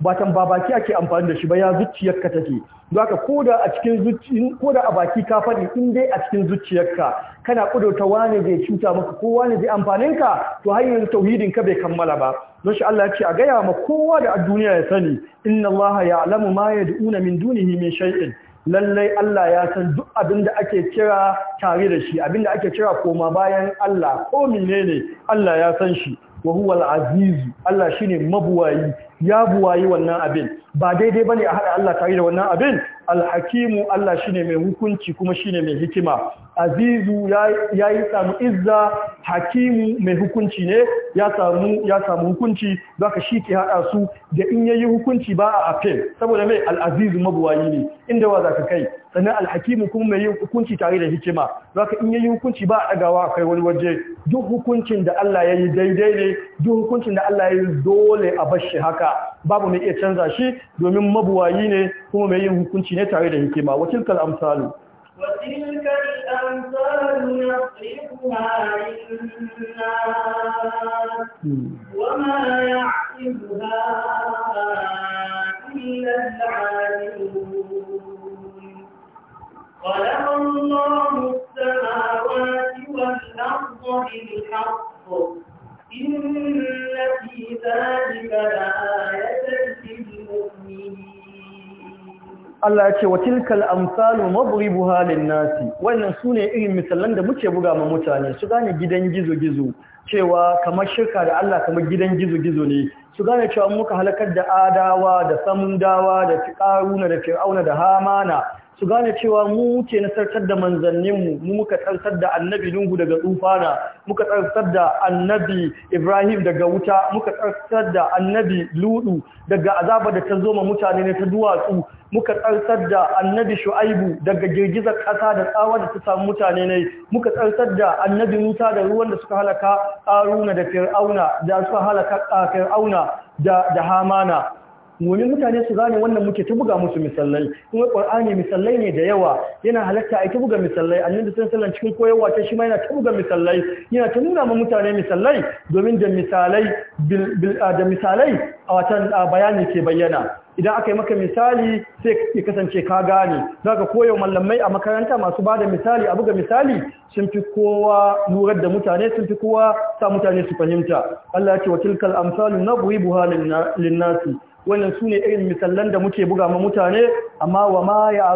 ba ba baki ake amfani da shi ba ya zuciyarka take don haka koda a cikin zuci koda a baki ka faɗi in dai a cikin zuciyarka kana kudurta wani zai cuta maka ko wani zai amfanin ka to har yanzu tauhidin ka bai kammala ba don shi Allah ya ce a gaya ma kowa da duniya ya sani inna Allah alamu ma du'una min dunihi min shay'in lallai Allah ya san duk abin da ake kira tare da shi abin da ake kira koma bayan Allah ko menene Allah ya san shi wa huwa al-aziz Allah shine mabuwayi ya buwayi wannan abin ba daidai ne a haɗa Allah tare da wannan abin alhakimu Allah shine mai hukunci kuma shine mai hikima azizu ya yi samu izza hakimu mai hukunci ne ya samu ya samu hukunci shi ke hada su da in yayi hukunci ba a apel saboda mai al'azizu mabuwayi ne inda wa zaka kai sannan alhakimu kuma mai yin hukunci tare da hikima zaka in yayi hukunci ba a ɗagawa? kai wani waje duk hukuncin da Allah yayi daidai ne duk hukuncin da Allah yayi dole a bar haka haka babu mai iya canza shi domin mabuwayi ne kuma mai yin hukunci ne tare da hikima wa tilkal amsalu وتلك الأمثال نصرفها للناس وما الله السماوات والأرض بالحق إن في ذلك لآية للمؤمنين Allah ya ce wa tilkal amsalu madribuha lin-nasi wannan sune irin misalan da muke buga ma mutane su gane gidan gizo-gizo cewa kamar shirka da Allah kamar gidan gizo-gizo ne su gane cewa muka halakar da adawa da samundawa da tikaruna da fir'auna da hamana su gane cewa mu na nasartar da manzanninmu mu muka tsantsar da annabi lungu daga tsufana muka tsantsar da annabi ibrahim daga wuta muka tsantsar da annabi ludu daga azaba da ta zo ma mutane ne ta duwatsu muka tsantsar da annabi shu'aibu daga girgizar ƙasa da tsawa da ta samu mutane ne muka tsantsar da annabi musa da ruwan da suka halaka ƙaruna da fir'auna da suka halaka fir'auna da hamana Momin mutane su gane wannan muke ta buga musu misallai kuma qur'ani misallai ne da yawa yana halatta ai ta buga misallai annabi sallallahu alaihi cikin koyarwa ta shi ma yana ta buga misallai yana ta nuna ma mutane misallai domin da misalai da misalai a watan bayani ke bayyana idan aka yi maka misali sai ya kasance ka gane za ka koyo mallamai a makaranta masu ba da misali a buga misali sun fi kowa lurar da mutane sun fi kowa sa mutane su fahimta Allah ya ce wa tilkal amsalu na buhi buha linnasi wannan su ne irin misallan da muke buga ma mutane amma wa ma ya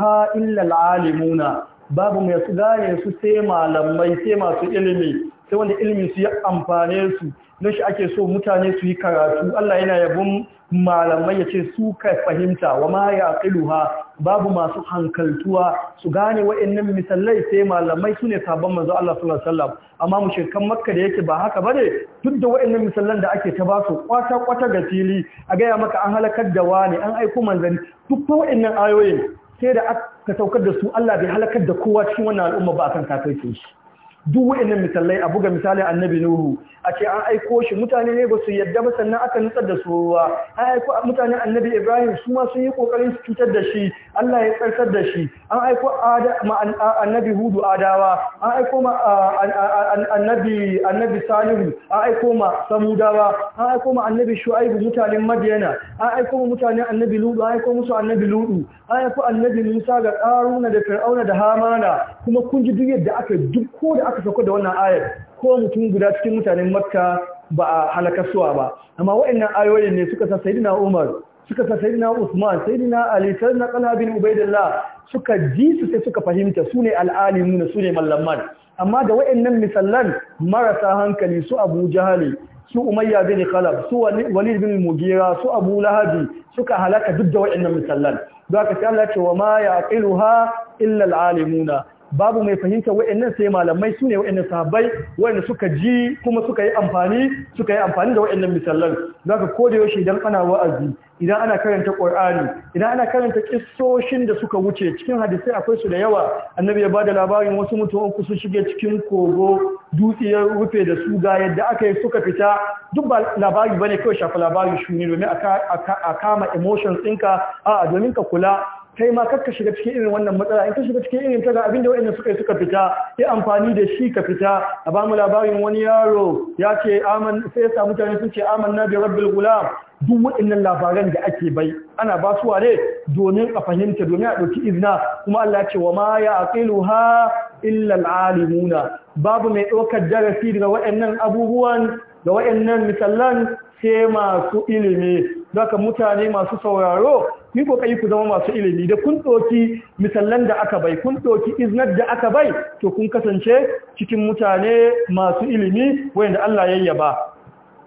ha illa alalimuna babu mai su gane su sai malamai sai masu ilimi sai wanda ilimin su ya amfane su don shi ake so mutane su yi karatu Allah yana yabon malamai ya ce su ka fahimta wa ma ya ha babu masu hankaltuwa su gane wa'annan misalai sai malamai su ne sabon manzo Allah sallallahu alaihi wasallam amma shekan makka da yake ba haka bane duk da wa'annan misalan da ake ta ba su kwata kwata ga fili a gaya maka an halakar da wani an aiko manzanni duk wa'annan ayoyin sai da aka saukar da su Allah bai halakar da kowa cikin wannan al'umma ba akan kafirci shi duk waɗannan misalai a buga misalin annabi nuhu a ce an aiko shi mutane ne ba su yadda ba sannan aka nutsar da su ruwa an aiko mutane annabi ibrahim su ma sun yi kokarin su cutar da shi allah ya tsarsar da shi an aiko annabi hudu adawa an aiko ma annabi annabi salihu an aiko ma samudawa an aiko ma annabi shu'aibu mutanen madiyana an aiko ma mutanen annabi ludu an aiko musu annabi ludu an aiko annabi musa ga karuna da fir'auna da hamana kuma kun ji duk yadda aka duk ko da aka aka da wannan ayar ko mutum guda cikin mutanen makka ba a halakasuwa ba amma waɗannan ayoyin ne suka sa umar suka sa usman sayyidina ali sayyidina talha bin ubaidillah suka ji su sai suka fahimta su ne al'alimu su ne mallaman amma da waɗannan misallan marasa hankali su abu jahali su umayya bin khalaf su walid bin mugira su abu lahabi suka halaka duk da waɗannan misallan don haka sai Allah ce wa ma yaqiluha illa al'alimuna babu mai fahimta wa'annan sai malamai sune wa'annan sahabbai wa'anda suka ji kuma suka yi amfani suka yi amfani da wa'annan misallan zaka koda yaushe idan ana wa'azi idan ana karanta ƙwar'ani idan ana karanta ƙisoshin da suka wuce cikin hadisai akwai su da yawa annabi ya ba da labarin wasu mutum uku su shige cikin kogo dutse ya rufe da su ga yadda aka yi suka fita duk ba labari ba bane kawai shafa labari shuni domin a kama emotions ɗinka a'a domin ka kula kai ma kakka shiga cikin irin wannan matsala in ka shiga cikin irin ta ga abin da wayannan suka suka fita ya amfani da shi ka fita a ba mu labarin wani yaro ya ce aman sai ya samu mutane sun ce amanna bi rabbil gulam duk waɗannan labaran da ake bai ana ba su ware domin a fahimta domin a ɗauki izina kuma Allah ce wa ma ya aqilu ha illa alimuna babu mai ɗaukar darasi daga waɗannan abubuwan da waɗannan misallan sai masu ilimi Zaka mutane masu sauraro ni kokari ku zama masu ilimi da kun doki misallan da aka bai kun doki iznar da aka bai to kun kasance cikin mutane masu ilimi wanda Allah ya yaba.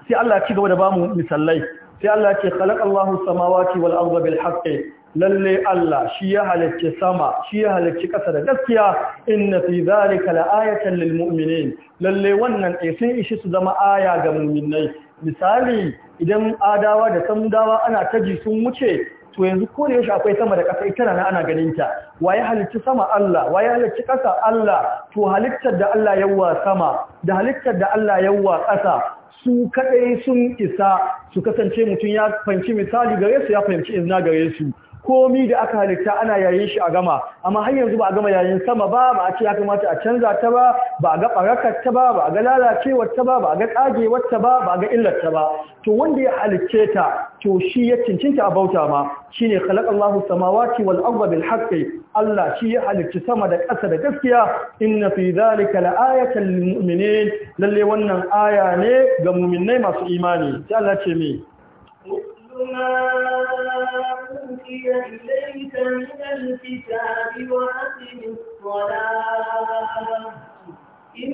sai Allah ci gaba da ba mu misallai sai Allah ce khalaqallahu samawati wal arda bil haqqi lalle Allah shi ya halacce sama shi ya halacce kasa da gaskiya inna fi zalika ayatan lil mu'minin lalle wannan sai sun ishi su zama aya ga mu'minai misali idan adawa da samudawa ana taji sun wuce to yanzu ko da yaushe akwai sama da ƙasa ita na ana ganin ta waye halicci sama Allah waye halicci ƙasa Allah to halittar da Allah yawa sama da halittar da Allah yawa ƙasa su kadai sun isa su kasance mutum ya fahimci misali gare su ya fahimci izna gare su komi da aka halitta ana yayin shi a gama amma har yanzu ba a gama yayin sama ba ba a ce ya kamata a canza ta ba ba a ga barakar ta ba ba a ga lalacewar ta ba ba a ga kagewar ta ba ba a ga illar ta ba to wanda ya halicce ta to shi ya cincinta a bauta ma shine khalaqallahu samawati wal arda bil haqqi Allah shi ya halicci sama da ƙasa da gaskiya inna fi zalika la ayatan lil mu'minin lalle wannan aya ne ga mu'minai masu imani sai Allah ce mi ما أوحي إليك من الكتاب وأقم الصلاة إن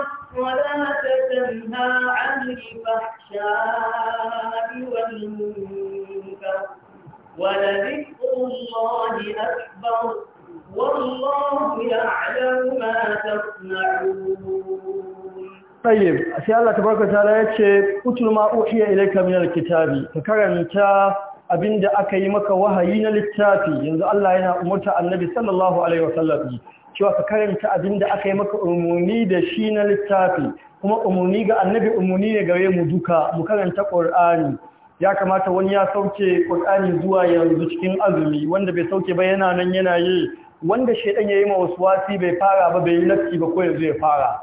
الصلاة تنهى عن الفحشاء والمنكر ولذكر الله أكبر والله يعلم ما تصنعون tsayyib sai Allah tabaraka taala yace utul ma uhiya ilayka min alkitabi ka karanta abinda aka yi maka wahayi na littafi yanzu Allah yana umarta annabi sallallahu alaihi wasallam cewa ka karanta abinda aka yi maka umurni da shi na littafi kuma umarni ga annabi umurni ne gare mu duka mu karanta qur'ani ya kamata wani ya sauke qur'ani zuwa yanzu cikin azumi wanda bai sauke ba yana nan yana yi wanda shedan yayi ma wasu wasi bai fara ba bai yi nafsi ba ko yanzu ya fara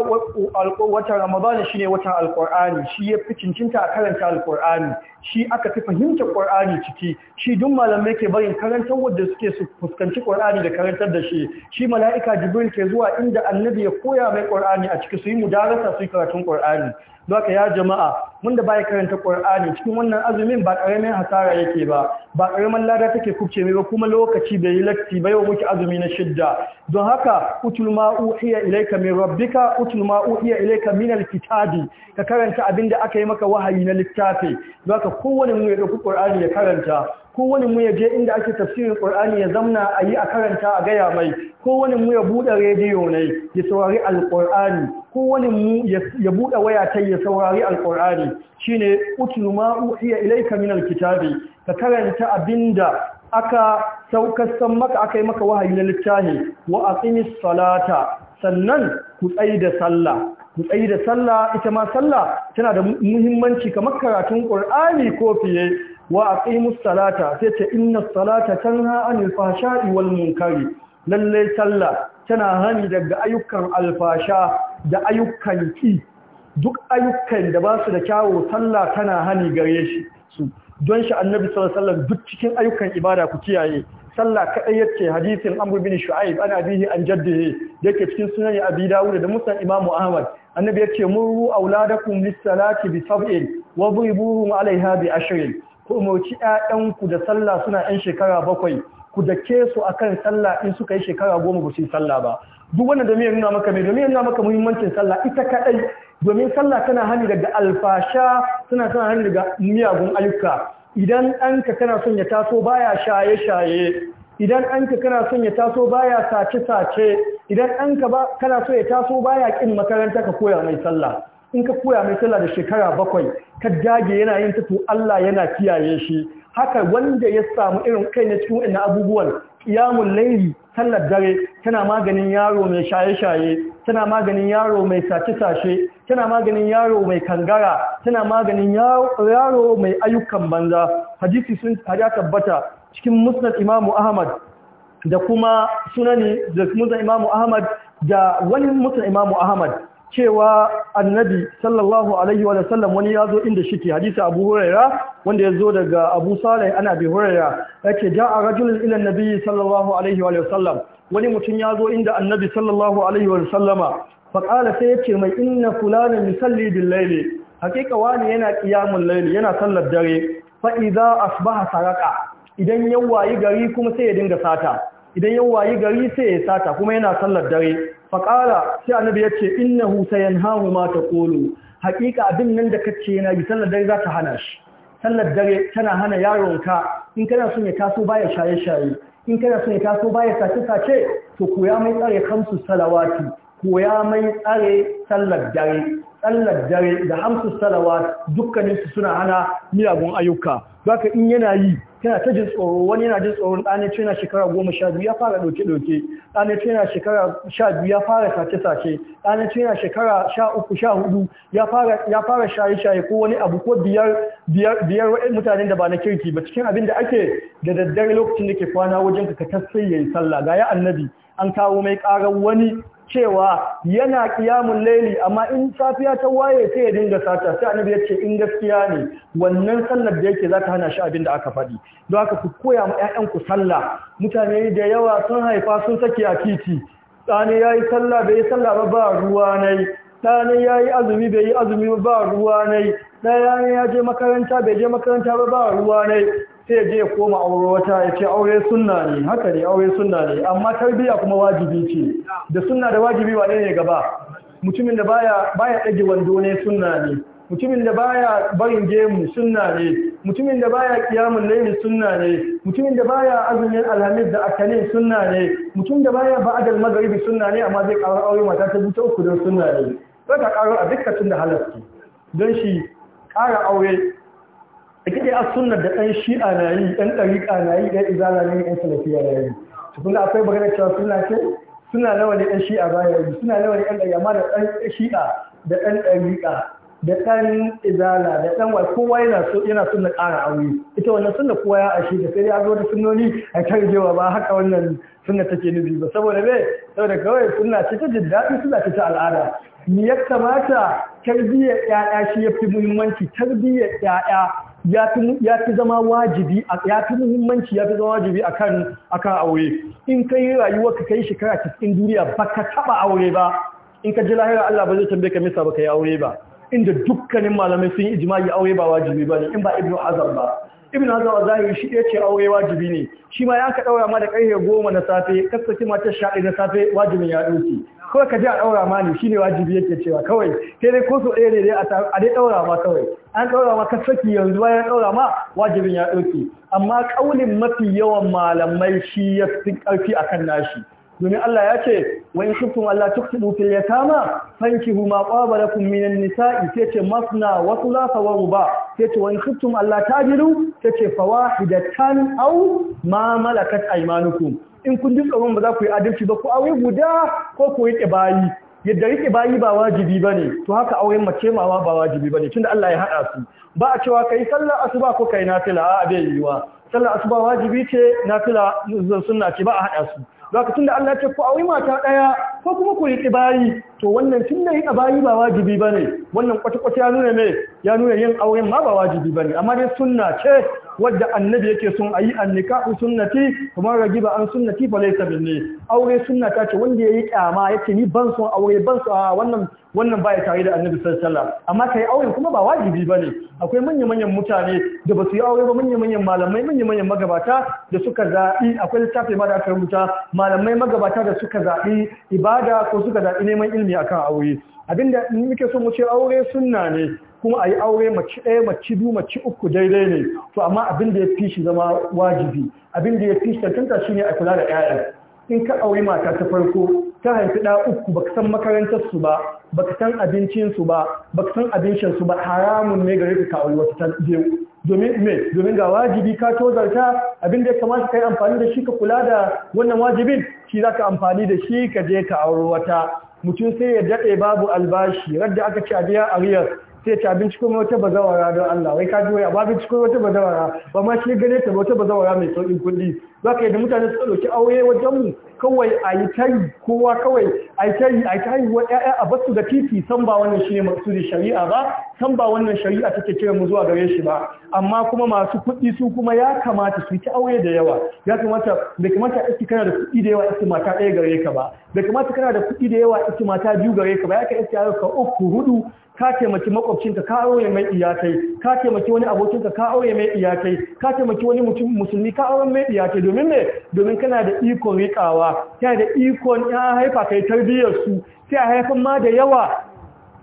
watan shi ne watan Alƙur'ani shi ya fi cincinta a karanta Alƙur'ani shi aka fi fahimta Ƙur'ani ciki shi duk malamai ke barin karantar wanda suke su fuskanci Ƙur'ani da karantar da shi shi mala'ika Jibril ke zuwa inda Annabi ya koya mai Ƙur'ani a ciki su yi mudarasa su yi karatun Ƙur'ani Doka ya jama'a mun da baya karanta Qur'ani cikin wannan azumin ba ƙaramin hasara yake ba ba ƙaramin lada take kuce mai ba kuma lokaci bai latti ba yau muke azumi na shidda don haka utul ma'u iya ilaika min rabbika utul ma'u iya ilaika min alkitabi ka karanta abin da aka yi maka wahayi na littafi don kowane kowanne mu ya dauki Qur'ani ya karanta wani mu ya je inda ake tafsirin Qur'ani ya zamna a yi a karanta a gaya mai wani mu ya buɗe rediyo ne ya saurari alƙur'ani wani mu ya buɗe waya ta ya saurari alƙur'ani shine utlu ma uhiya ilayka min alkitabi ka karanta abinda aka saukar san maka aka yi maka wahayi na littafi wa aqimis salata sannan ku tsayi da sallah ku tsayi da sallah ita ma sallah tana da muhimmanci kamar karatun Qur'ani ko fiye wa aqimus salata sai ta inna salata tanha anil fahsha'i wal munkari lalle sallah tana hani daga ayyukan alfasha da ayyukan ki duk ayyukan da ba su da kyawu sallah tana hani gare shi su don shi annabi sallallahu duk cikin ayyukan ibada ku kiyaye sallah kaɗai yace hadisin Amr bin Shu'aib ana bihi an jaddihi yake cikin sunan Abi Dawud da Musnad Imam Ahmad annabi yace muru auladakum lis-salati bi sab'in wa dhibuhum 'alayha bi ashrin ku umarci ƴaƴanku da sallah suna ƴan shekara bakwai ku da ke su akan sallah in suka yi shekara goma ba su yi sallah ba duk wannan da nuna maka mai domin nuna maka muhimmancin sallah ita kadai domin sallah tana hannu daga alfasha suna tana hannu daga miyagun ayyuka idan ka kana son ya taso baya shaye-shaye idan ka kana son ya taso baya sace-sace idan ɗanka kana so ya taso baya ƙin makaranta ka koya mai sallah in ka koya mai sallah da shekara bakwai ka dage yana yin ta Allah yana kiyaye shi haka wanda ya samu irin kai na cikin wannan abubuwan qiyamul laili sallar dare tana maganin yaro mai shaye-shaye tana maganin yaro mai sace-sace tana maganin yaro mai kangara tana maganin yaro mai ayyukan banza hadisi sun hada tabbata cikin musnad imamu ahmad da kuma sunani da musnad imamu ahmad da wani musnad imamu ahmad cewa annabi sallallahu alaihi wa sallam wani ya zo inda shi hadisi abu huraira wanda ya zo daga abu salai ana bi huraira yake a rajulun ila annabi sallallahu alaihi wa sallam wani mutum ya zo inda annabi sallallahu alaihi wa sallama fa sai yace mai inna fulana misalli din Laili. hakika wani yana qiyamul Laili, yana sallar dare Fa'iza idza asbaha saraka idan ya wayi gari kuma sai ya dinga sata idan ya wayi gari sai ya sata kuma yana sallar dare Faƙara sai annabi ya ce innahu sayanhahu ma taqulu haƙiƙa abin nan da kace yana yi sallar dare za ta hana shi sallar dare tana hana yaronka in kana son ya taso baya shaye-shaye in kana son ya taso baya sace-sace to koya mai tsare kamsu salawati koya mai tsare sallar dare sallar dare da hamsu salawat dukkaninsu suna hana miyagun ayyuka zaka in yana yi tana ta jin tsoro wani yana jin tsoron ɗane yana shekara goma sha biyu ya fara ɗauke-ɗauke ɗane yana shekara sha biyu ya fara sace-sace ɗane yana shekara sha uku sha hudu ya fara shaye-shaye ko wani abu ko biyar biyar mutanen da ba na kirki ba cikin abin da ake da daddare lokacin da ke kwana wajen ka ta ya sallah ga ya annabi an kawo mai ƙarar wani cewa yana kiyamun laili amma in safiya ta waye sai ya dinga sata sai annabi ya ce in gaskiya ne wannan sallar da yake za hana shi abin da aka faɗi don haka ku koya ma ku sallah mutane da yawa sun haifa sun saki a titi ɗani ya yi sallah bai yi sallah ba ba ruwa nai ɗani ya azumi bai yi azumi ba ba ruwa nai ɗaya ya je makaranta bai je makaranta ba ba ruwa nai sai ya je ya koma aure wata ya ce aure sunna ne haka ne aure suna ne amma tarbiyya kuma wajibi ce da suna da wajibi wane ne gaba mutumin da baya baya dage wando ne sunna ne mutumin da baya barin gemu sunna ne mutumin da baya kiyamun laili sunna ne mutumin da baya azumin alhamis da akane sunna ne mutum da baya ba'adal magharibi sunna ne amma zai karar aure mata ta buta uku don sunna ne zaka karar a dukkan da halarci don shi kara aure da kike a sunnar da ɗan shi'a na yi ɗan ɗariƙa na yi ɗan izala na yi ɗan salafiya na yi to kun akwai bagana cewa suna ce suna nawa ne ɗan shi'a ba ya yi suna nawa ne ɗan ɗari da ɗan shi'a da ɗan ɗariƙa da ɗan izala da ɗan wa kowa yana so yana sunna ƙara aure ita wannan sunna kowa ya ashe da sai ya zo da sunnoni a kan jewa ba haka wannan sunna take nufi ba saboda me saboda kawai sunna ce ta jin daɗi sunna ce ta al'ada ni ya kamata tarbiyyar ƴaƴa shi yafi muhimmanci tarbiyyar ƴaƴa ya fi zama wajibi ya fi muhimmanci ya fi zama wajibi akan akan aure in ka yi rayuwa ka kai shekara cikin duniya ba ka taba aure ba in ka ji lahira Allah ba zai tambe ka misa ba ka yi aure ba inda dukkanin malamai sun yi jima'i aure ba wajibi ba ne in ba ibnu azar ba ibn azar zahiri shi ɗaya ce aure wajibi ne shi ma ya ka ɗaura ma da ƙarfe goma na safe kasance matar shaɗi na safe wajibin ya ɗauki kawai ka je a ɗaura ma ne shine wajibi yake cewa kawai sai dai ko so ɗaya ne dai a dai ɗaura ma kawai an ɗaura ma ka yanzu bayan ɗaura ma wajibin ya ɗauki amma ƙaunin mafi yawan malamai shi ya fi ƙarfi akan nashi domin Allah ya ce wa in kuntum Allah tuksidu fil yatama fankihu ma qaba lakum minan nisa'i ce masna wa thulatha wa ruba sai ce wani khiftum Allah ta ta ce fawahidatan aw ma malakat aymanukum in kun ji tsoron ba za ku yi adalci ba ku aure guda ko ku yi bayi yadda rike bayi ba wajibi bane to haka auren mace mawa ba wajibi bane tunda Allah ya haɗa su ba a cewa kai sallar asuba ko kai nafila a bai yiwa sallar asuba wajibi ce nafila sunna ce ba a haɗa su lokacin da Allah ce ku auri mata daya ko kuma ku riƙi bayi to wannan tunda yin bayi ba wajibi bane wannan kwata kwata ya nuna ne ya nuna yin auren ma ba wajibi bane amma dai sunna ce wadda annabi yake son ayi annika sunnati kuma ragiba an sunnati fa laysa minni aure sunnata ce wanda yayi kyama yake ni ban son aure ban son ah, wannan wannan baya tare da annabi sallallahu alaihi wasallam amma kai aure kuma ba wajibi bane akwai manyan manyan mutane da basu yi aure ba manyan manyan malamai manyan manyan magabata da suka zabi akwai littafi ma da aka rubuta malamai magabata da suka zabi ibada ko suka zabi neman ilimi akan aure abinda muke so mu ce aure sunna ne kuma a yi aure mace ɗaya mace biyu mace uku daidai ne to amma abin da ya fi shi zama wajibi abin da ya fi shi tantanta shi ne a kula da 'ya'ya in ka aure mata ta farko ta haifi ɗa uku baka san makarantarsu ba baka san abincinsu ba baka san abincinsu ba haramun ne gare ka aure wata ta biyu domin me domin ga wajibi ka tozarta abin da ya kamata ka yi amfani da shi ka kula da wannan wajibin shi za ka amfani da shi ka je ka aure wata mutum sai ya daɗe babu albashi radda aka ci a biya ariyar sai ta binciko wata bazawara don Allah wai kaji wai babin binciko wata bazawara ba ma shi gane ta wata bazawara mai sauƙin kuɗi za ka yi da mutane su ɗauki aure wajen mu kawai a yi tari kowa kawai ai ta yi ai wa ƴaƴa a basu da titi san ba wannan shi ne maksudin shari'a ba san ba wannan shari'a ta ke kira mu zuwa gare shi ba amma kuma masu kuɗi su kuma ya kamata su yi aure da yawa ya kamata da kamata iski kana da kuɗi da yawa iski mata ɗaya gare ka ba da kamata kana da kuɗi da yawa iski mata biyu gare ka ba ya ka iski ka uku hudu ka taimaki makwabcinka ka aure mai iyakai ka taimaki wani abokinka ka aure mai iyakai ka taimaki wani mutum musulmi ka aure mai iyakai domin me domin kana da ikon rikawa kana da ikon ya haifa kai tarbiyya tarbiyyarsu sai a haifar ma da yawa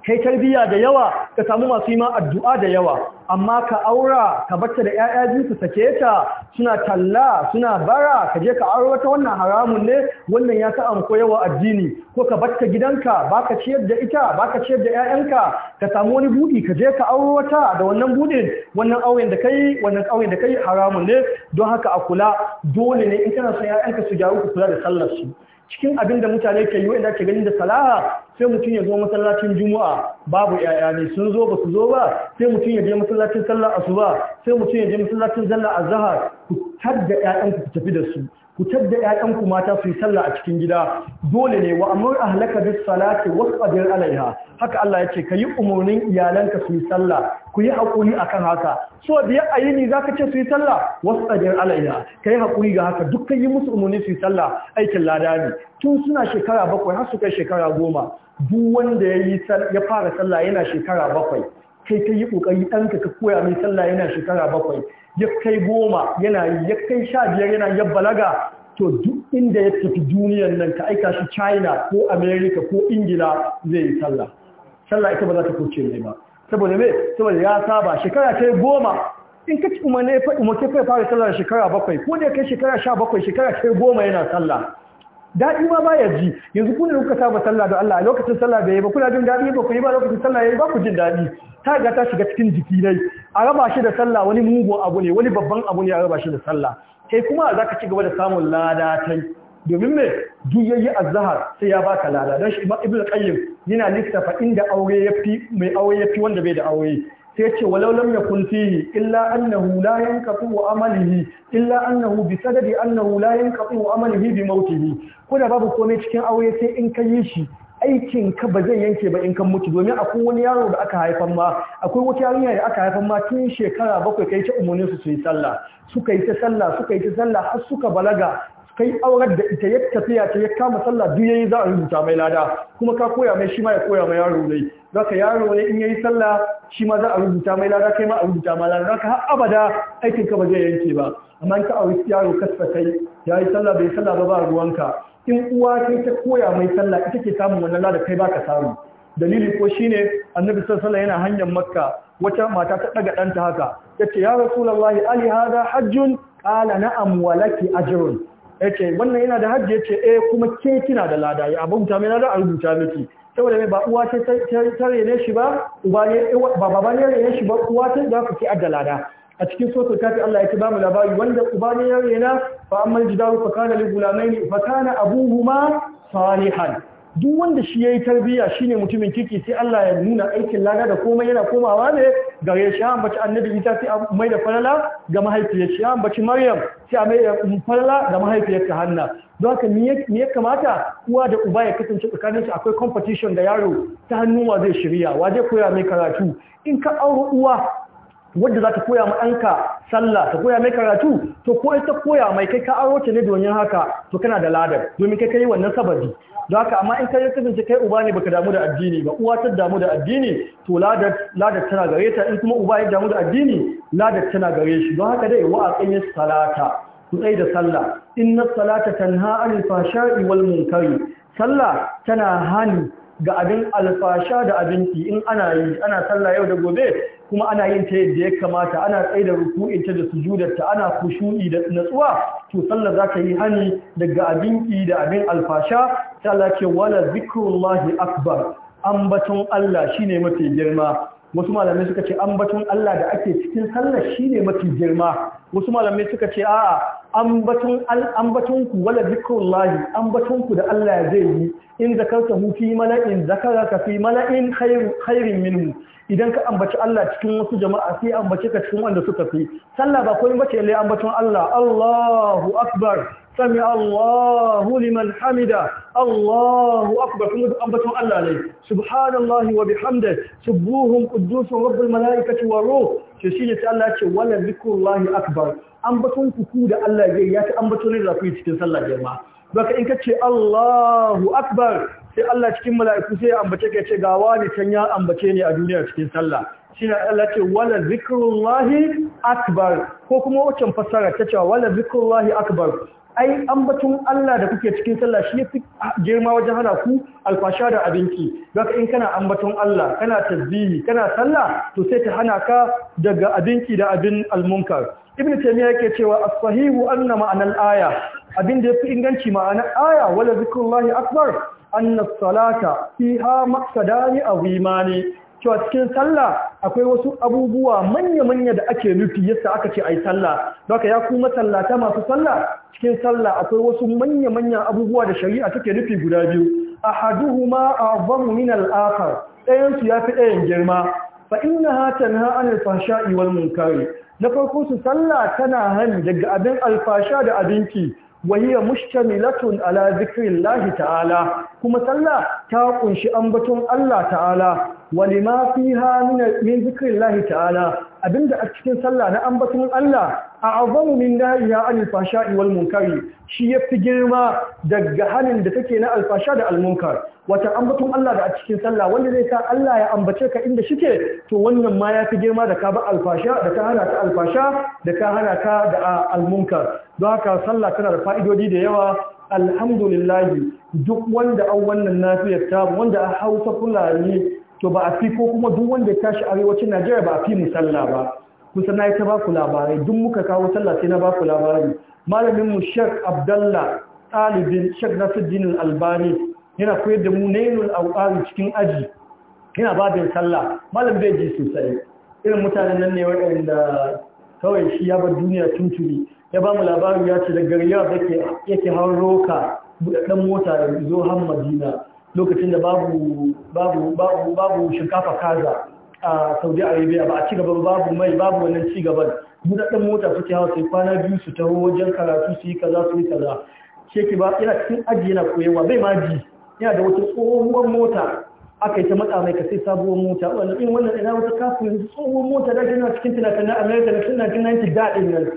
kai tarbiyya da yawa ka samu masu yi ma addu'a da yawa amma ka aura ka bacce da 'ya'ya biyu su sake ta suna talla suna bara ka je ka aure wata wannan haramun ne wannan ya ta amko yawa addini ko ka bacce gidanka ka ciyar da ita ba ka ciyar da 'ya'yanka ka samu wani buɗi ka je ka aure wata da wannan buɗin wannan auren da kai wannan auren da kai haramun ne don haka a kula dole ne in kana son 'ya'yanka su gyaru ku kula da sallar cikin abin da mutane ke yi wanda ke ganin da salaha sai mutum ya zo masallacin juma'a babu yaya ne sun zo ba su zo ba sai mutum ya je masallacin sallar asuba sai mutum ya je masallacin a zahar ku da 'ya'yanku ku tafi da su fitar da ku mata su yi sallah a cikin gida dole ne wa amur ahlaka bis salati wasbir alaiha haka Allah yace kayi umarnin iyalanka su yi sallah ku yi hakuri akan haka so biyar ayini zaka ce su yi sallah wasbir alaiha kai hakuri ga haka duk yi musu umarni su yi sallah aikin lada ne tun suna shekara bakwai har su kai shekara goma duk wanda ya yi ya fara sallah yana shekara bakwai kai kai yi kokari ɗanka ka koya mai sallah yana shekara bakwai ya kai goma yana yi ya kai sha biyar yana ya balaga to duk inda ya tafi duniyar nan ka aika shi china ko america ko ingila zai yi sallah sallah ita ba za ta kuce mai ba saboda me saboda ya saba shekara ta goma in ka ci umarne mace kai fara sallah shekara bakwai ko da kai shekara sha bakwai shekara ta goma yana sallah daɗi ma ya ji yanzu kuna da kuka saba sallah da Allah a lokacin sallah bai yi ba kuna jin daɗi ba ku yi ba lokacin sallah yi ba ku jin daɗi ta ga ta shiga cikin jiki dai a raba shi da sallah wani mugun abu ne wani babban abu ne a raba shi da sallah kai kuma za ka ci gaba da samun lada domin mai, juyayyi a zahar sai ya baka lada dan shi da qayyim yana lissafa inda aure ya fi, mai aure ya fi wanda bai da aure sai ya ce walau ya yakun fihi illa annahu la yanqatu amalihi illa annahu bi sadadi annahu la yanqatu amalihi bi mautihi ko Kuna babu komai cikin aure sai in ka yi shi aikin ka ba zai yanke ba in kan mutu domin akwai wani yaro da aka haifan ma akwai wata yarinya da aka haifan ma tun shekara bakwai kai ta umarnin su su yi sallah suka yi ta sallah suka yi ta sallah har suka balaga kai aurar da ita ya tafiya ta ya kama sallah duk yayi za a rubuta mai lada kuma ka koya mai shi ma ya koya mai yaro ne zaka yaro ne in yayi sallah shi ma za a rubuta mai lada kai ma a rubuta mai lada zaka har abada aikin ka ba zai yanke ba amma in ka aure yaro kasfa kai yayi sallah bai sallah ba ba ruwanka in uwa sai ta koya mai sallah ita ke samun wannan lada kai baka samu dalili ko shine annabi sallallahu yana hanyar makka wata mata ta daga danta haka yace ya rasulullahi ali hada hajjun qala na'am walaki ajrun yace wannan yana da hajji yace eh kuma ke kina da lada ya ta mai lada a rubuta miki saboda mai ba uwa ce ta ne shi ba uba ne ba baba ne shi ba uwa ce za ku ci adda lada a cikin sosai kafin Allah ya bamu labari wanda ubanin ya rena fa amman jidaru fa kana li gulamaini fa kana abuhuma salihan duk wanda shi yayi tarbiya shine mutumin kiki sai Allah ya nuna aikin lada da komai yana komawa ne gare shi an bace annabi ita sai mai da falala ga mahaifiyar shi an bace maryam sai a mai da falala ga mahaifiyar ta hanna don haka me ya kamata uwa da uba ya kasance tsakanin su akwai competition da yaro ta hannu hannuwa zai shirya wa zai koya mai karatu in ka auri uwa wadda za ta koya ma sallah ta koya mai karatu to ko ita koya mai kai ka aro ta ne domin haka to kana da ladar domin kai kai wannan sababi don haka amma in kai kasance kai uba ne baka damu da addini ba uwa ta damu da addini to ladar ladar tana gare ta in kuma uba ya damu da addini ladar tana gare shi don haka dai wa aqimi salata ku tsai da sallah inna salata tanha anil fashai wal munkari sallah tana hani ga abin alfasha da abinci in ana yi ana sallah yau da gobe kuma ana yin ta yadda ya kamata ana tsaye da ruku'in ta da sujudarta ana kushu'i da natsuwa to sallah za ta yi hani daga abin da abin alfasha ta Allah wala zikrullahi akbar ambaton Allah shine mafi girma wasu malamai suka ce ambaton Allah da ake cikin sallar shine mafi girma wasu malamai suka ce a'a ambaton ambaton ku wala zikrullahi ambaton ku da Allah ya zai yi in zakarta hu fi mala'in zakara ka fi mala'in khairin minhu idan ka ambaci Allah cikin wasu jama'a sai ambaci ka cikin wanda suka fi sallah ba koyin bace lai ambaton Allah Allahu akbar sami Allahu liman hamida Allahu akbar kuma duk ambaton Allah ne subhanallahi wa bihamdi subuhum quddus rabbul malaikati wa ruh to shine sai Allah ya ce wala zikrullahi akbar ambaton ku da Allah ya yi ya ta ambaton ni da ku cikin sallah jama'a baka in ka ce Allahu akbar sai Allah cikin malaiku sai ambace ka ce ga wani can ya ambace ne a duniya cikin sallah shine Allah ya ce wala zikrullahi akbar ko kuma wacce fassara ta ce wala zikrullahi akbar ai ambatun Allah da kuke cikin sallah shi yafi girma wajen hana ku alfasha da abinci don in kana ambatun Allah kana tasbihi kana sallah to sai ta hana ka daga abinci da abin almunkar ibnu taymiya yake cewa as-sahihu anna ma'anar aya abin da yafi inganci ma'anar aya wala zikrullahi akbar anna as-salata fiha maqsadani azimani cewa cikin sallah akwai wasu abubuwa manya-manya da ake nufi yasa aka ce a yi sallah don ya kuma sallata masu sallah cikin sallah akwai wasu manya-manya abubuwa da shari'a take nufi guda biyu a ma a zamu min al'akar su ya fi ɗayan girma fa inna ha na anil fahsha'i wal munkari na farko su sallah tana hani daga abin alfasha da abinci. wahiya mushtamilatun ala zikrillahi ta'ala kuma sallah ta kunshi ambaton Allah ta'ala walima fiha min zikrillahi ta'ala abinda a cikin sallah na ambaton Allah a'azamu min ya anil fashai wal munkari shi yafi girma daga hanin da take na alfasha da almunkar wata ambaton Allah da a cikin sallah wanda zai sa Allah ya ambace ka inda shike to wannan ma yafi girma da ka ba alfasha da ka hana ta alfasha da ka hana ka da almunkar don haka sallah tana da fa'idodi da yawa alhamdulillahi duk wanda an wannan nafiyar ta wanda a Hausa Fulani to ba a fi ko kuma duk wanda ya tashi arewacin Najeriya ba a fi musalla ba kusa na yi ta baku labarai duk muka kawo sallah sai na baku labarai malamin mu Sheikh Abdullah ɗalibin su jinin Albani yana koyar da mu nailul awqari cikin aji yana babin sallah malam bai ji sosai irin mutanen nan ne waɗanda kawai shi ya bar duniya tuntuni ya ba mu labarin ya ce daga riyar da yake hawan roka buɗaɗɗen mota da zo har madina lokacin da babu shinkafa kaza a saudi arabia ba a ci gaba babu mai babu wannan ci gaban buɗaɗɗen mota suke hawa sai kwana biyu su taho wajen karatu su yi kaza su yi kaza sheki ba yana cikin aji yana koyewa bai ma ji yana da wata tsohuwar mota aka yi ta matsa mai ka sai sabuwar mota wannan ɗin wannan ina wata kafin tsohuwar mota da na cikin tunakan na america na tunan tunan ti daɗin nan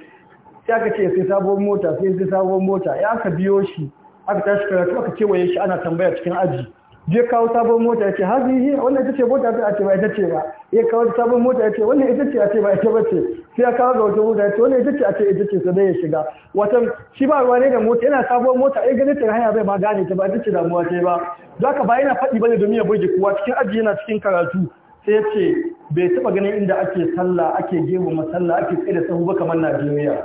sai aka ce sai sabuwar mota sai sai sabuwar mota ya aka biyo shi aka tashi karatu aka waye shi ana tambaya cikin aji je kawo sabon mota ya ce hazihi wannan ita ce mota ta ce ba ita ce ba ya kawo sabon mota ya ce wannan ita ce a ce ba ita ba ce sai ya kawo ga wata mota ya ce wannan ita ce a ce ita ce sai ya shiga watan shi ba ruwa ne da mota yana sabon mota ya ganin ta hanya bai ma gane ta ba ita ce damuwa ce ba zaka ba yana faɗi bane domin ya burge kowa cikin aji yana cikin karatu sai ya ce bai taɓa ganin inda ake sallah ake gemu masallah ake tsaye da sahu ba kamar Najeriya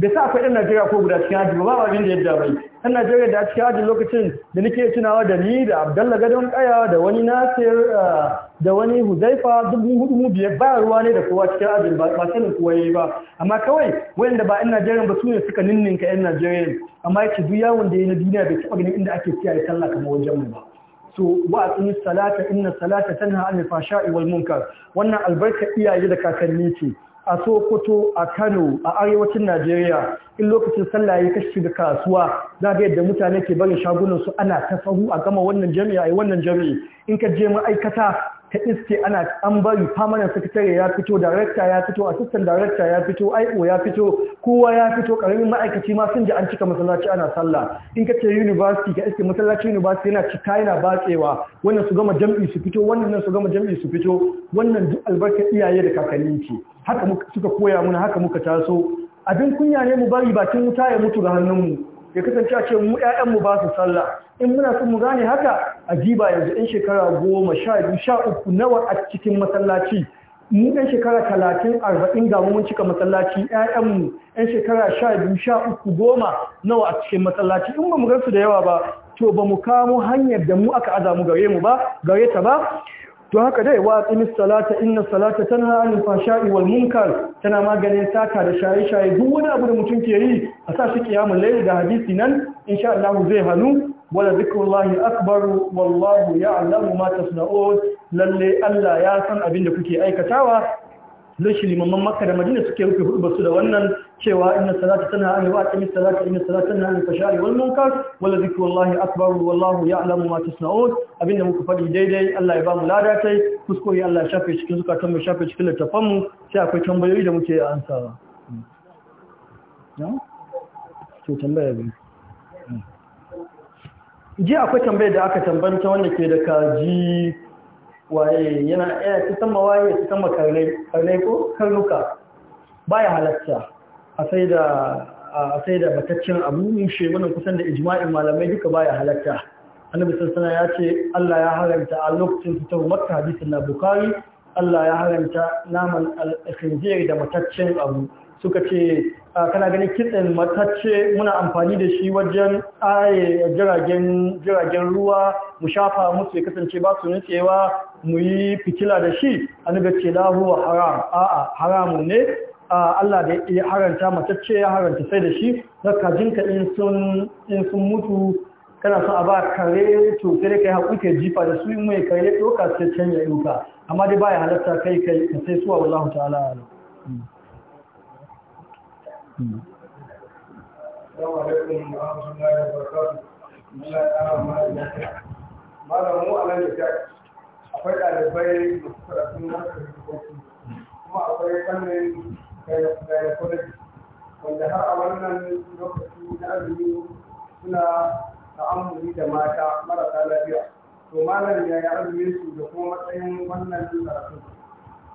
bai sa akwai ɗan Najeriya ko guda cikin hajji ba abin da yadda bai ɗan Najeriya da cikin hajji lokacin da nake tunawa da ni da Abdalla Gadon Kaya da wani Nasir ah, da wani Huzaifa duk hudu mu biyar ba ruwa ne da kowa cikin hajji ba ba sanin kowa yayi ba amma kawai wanda ba ɗan Najeriya ba su ne suka ninninka ɗan Najeriya amma yake duk yawon da ya na duniya bai taɓa ganin inda ake kiyaye sallah kamar wajen mu ba so wa aqimis salata inna salata tanha anil fashai wal munkar wannan albarka iyaye da kakanni ce a sokoto a kano a arewacin najeriya in lokacin sallah ya kashi ga kasuwa za ga yadda mutane ke barin shagunan su ana ta sahu a gama wannan jami'a ai wannan jami'i in ka je ma'aikata ta iske ana an bari permanent secretary ya fito director ya fito assistant director ya fito IO ya fito kowa ya fito karamin ma'aikaci ma sun ji an cika masallaci ana sallah in ka ce university ka iske masallaci university yana cika yana batsewa wannan su gama jami'i su fito wannan su gama jami'i su fito wannan duk albarkar iyaye da kakanninki Haka haka suka koya mana haka muka taso abin kunya ne mu bari bakin wuta ya mutu ga hannunmu ya kasance a ce mu ƴaƴanmu ba su sallah in muna son mu gane haka a jiba yanzu in shekara goma sha biyu sha uku nawa a cikin masallaci mu ɗan shekara talatin arba'in ga mun cika masallaci ƴaƴanmu ɗan shekara sha biyu sha uku goma nawa a cikin masallaci in ba mu gansu da yawa ba to ba mu kamo hanyar da mu aka azamu gare mu ba gare ta ba don haka dai wa tsimis salata inna salata tana anil fashai wal munkar tana maganin taka da shaye-shaye duk wani abu da mutum ke yi a sa shi kiyamul layl da hadisi nan insha Allah zai hanu wala zikrullahi akbar wallahu ya'lamu ma tasna'un lalle Allah ya san abin da kuke aikatawa lashi limaman makka da madina suke rufe hudu basu da wannan cewa inna salata tana an wa aqimi salata inna salata tana an fashari wal munkar wala wallahi akbar wallahu ya'lamu ma tusna'un abinda muka fadi daidai Allah ya ba mu lada tai kuskure Allah ya shafe cikin zukatan mu shafe cikin littafan mu sai akwai tambayoyi da muke ansawa hmm. to tambaya ne hmm. ji akwai tambaya da aka tambanta wanda ke da kaji waye yana eh ta tamma waye ta tamma karnai karnai ko karnuka baya halatta a sai da bataccen abu in shi mana kusan da ijma'in malamai duka baya halatta annabi sallallahu ya ce Allah ya haramta a lokacin fitar makka hadisin na bukari Allah ya haramta naman al-khinzir da mataccen abu suka ce kana ganin kitsin matacce muna amfani da shi wajen aye jiragen ruwa mu shafa musu ya kasance ba su nutsewa mu yi fitila da shi annabi ce lahu haram a'a haramun ne Allah da ya haranta matacce ya haranta sai da shi na kajinka in sun mutu kana son a ba kare to sai kai haƙu ke jifa da su yi mai kare ɗoka sai can ya ɗauka amma dai baya halatta kai kai ka sai suwa wallahu ta'ala Malamu a nan da akwai ɗalibai masu karatun kuma akwai fannin wanda har a wannan lokaci na azumi suna ta'amuli da mata marasa lafiya to malam ya yi azumin su da kuma matsayin wannan karatu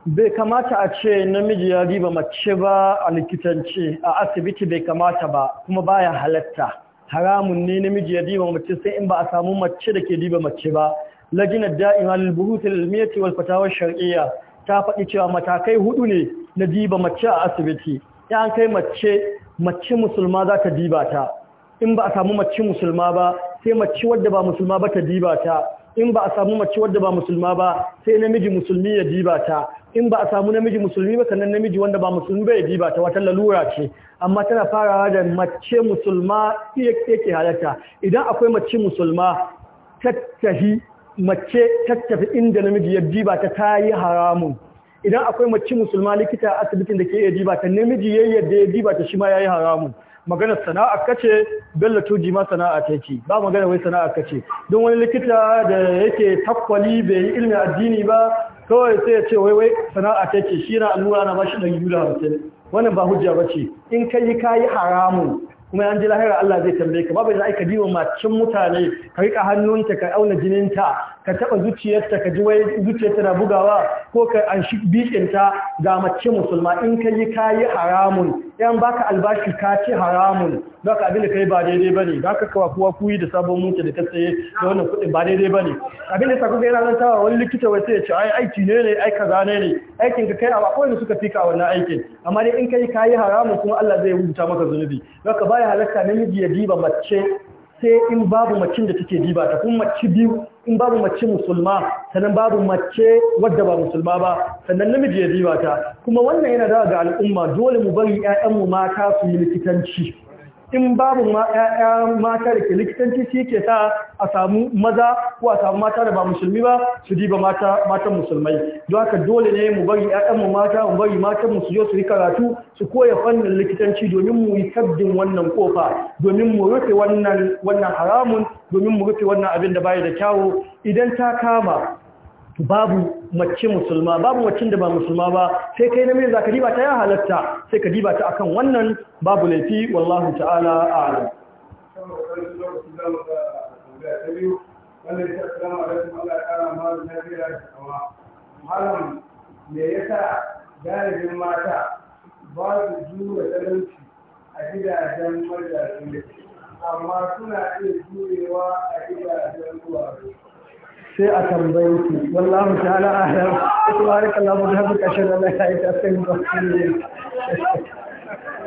bai kamata a ce namiji ya riba mace ba a likitanci a asibiti bai kamata ba kuma baya halatta haramun ne namiji ya riba mace sai in ba a samu mace da ke riba mace ba lajinar da'in halin buhutul ilmiyyati wal fatawar shar'iyya ta faɗi cewa matakai hudu ne na diba mace a asibiti ya an kai mace mace musulma za ta diba ta in ba a samu mace musulma ba sai mace wadda ba musulma ba ta diba ta in ba a samu mace wadda ba musulma ba sai namiji musulmi ya diba ta in ba a samu namiji musulmi ba sannan namiji wanda ba musulmi ba ya diba ta wata lalura ce amma tana farawa da mace musulma yake halatta idan akwai mace musulma tattahi mace tattafi inda namiji ya diba ta ta yi haramun idan akwai mace musulma likita a asibitin da ke iya diba ta namiji ya yadda ya diba ta shi ma yayi haramun maganar sana'a kace bella tuji ma sana'a ta ce ba magana wai sana'a kace don wani likita da yake takwali bai yi ilmi addini ba kawai sai ya ce wai wai sana'a ta ce shi na allura na ba shi ɗari biyu da hamsin wannan ba hujja ba ce in kai ka yi haramun kuma an ji lahira Allah zai tambaye ka babu zai ka diwa macin mutane ka rika hannunta ka auna jininta ka taba zuciyarta ka ji wai zuciyarta na bugawa ko ka an shi ta ga mace musulma in ka yi kayi haramun yan baka albashi ka ce haramun baka abin da kai ba daidai ba ne bane ka kawa kuwa kuyi da sabon mota da kasaye da wannan kudin ba daidai ba ne. abin da sako yana nan tawa wani likita wai ya ce ai aiki ne ne ai kaza ne ne aikin ka kai a wakon da suka fika wannan aikin amma dai in kai kayi haramun kuma Allah zai rubuta maka zunubi ka baya halatta namiji ya diba mace sai in babu macin da take diba ta kuma mace biyu in babu mace musulma sannan babu mace wadda ba musulma ba sannan namiji ya biwa ta kuma wannan yana daga al'umma dole mu bari ƴaƴanmu mata su yi likitanci in babu ƴaƴan mata da ke likitanci shi ke sa a samu maza ko a samu mata da ba musulmi ba su diba mata matan musulmai don haka dole ne mu bari ƴaƴan mu mata mu bari matan mu su su yi karatu su koya fannin likitanci domin mu yi sabbin wannan kofa domin mu rufe wannan haramun domin mu rufe wannan abin da baya da kyawu idan ta kama babu mace musulma babu macin da ba musulma ba sai kai namiji zaka diba ta ya halatta sai ka diba ta akan wannan babu laifi wallahi ta'ala a'lam yasa galibin mata ba su talauci a gidajen mazaje amma suna iya jurewa a gidajen ruwa sai a tambaye ku wallahu ta'ala ahlam subhanakallahu wa bihamdika ashhadu an la ilaha illa anta astaghfiruka wa atubu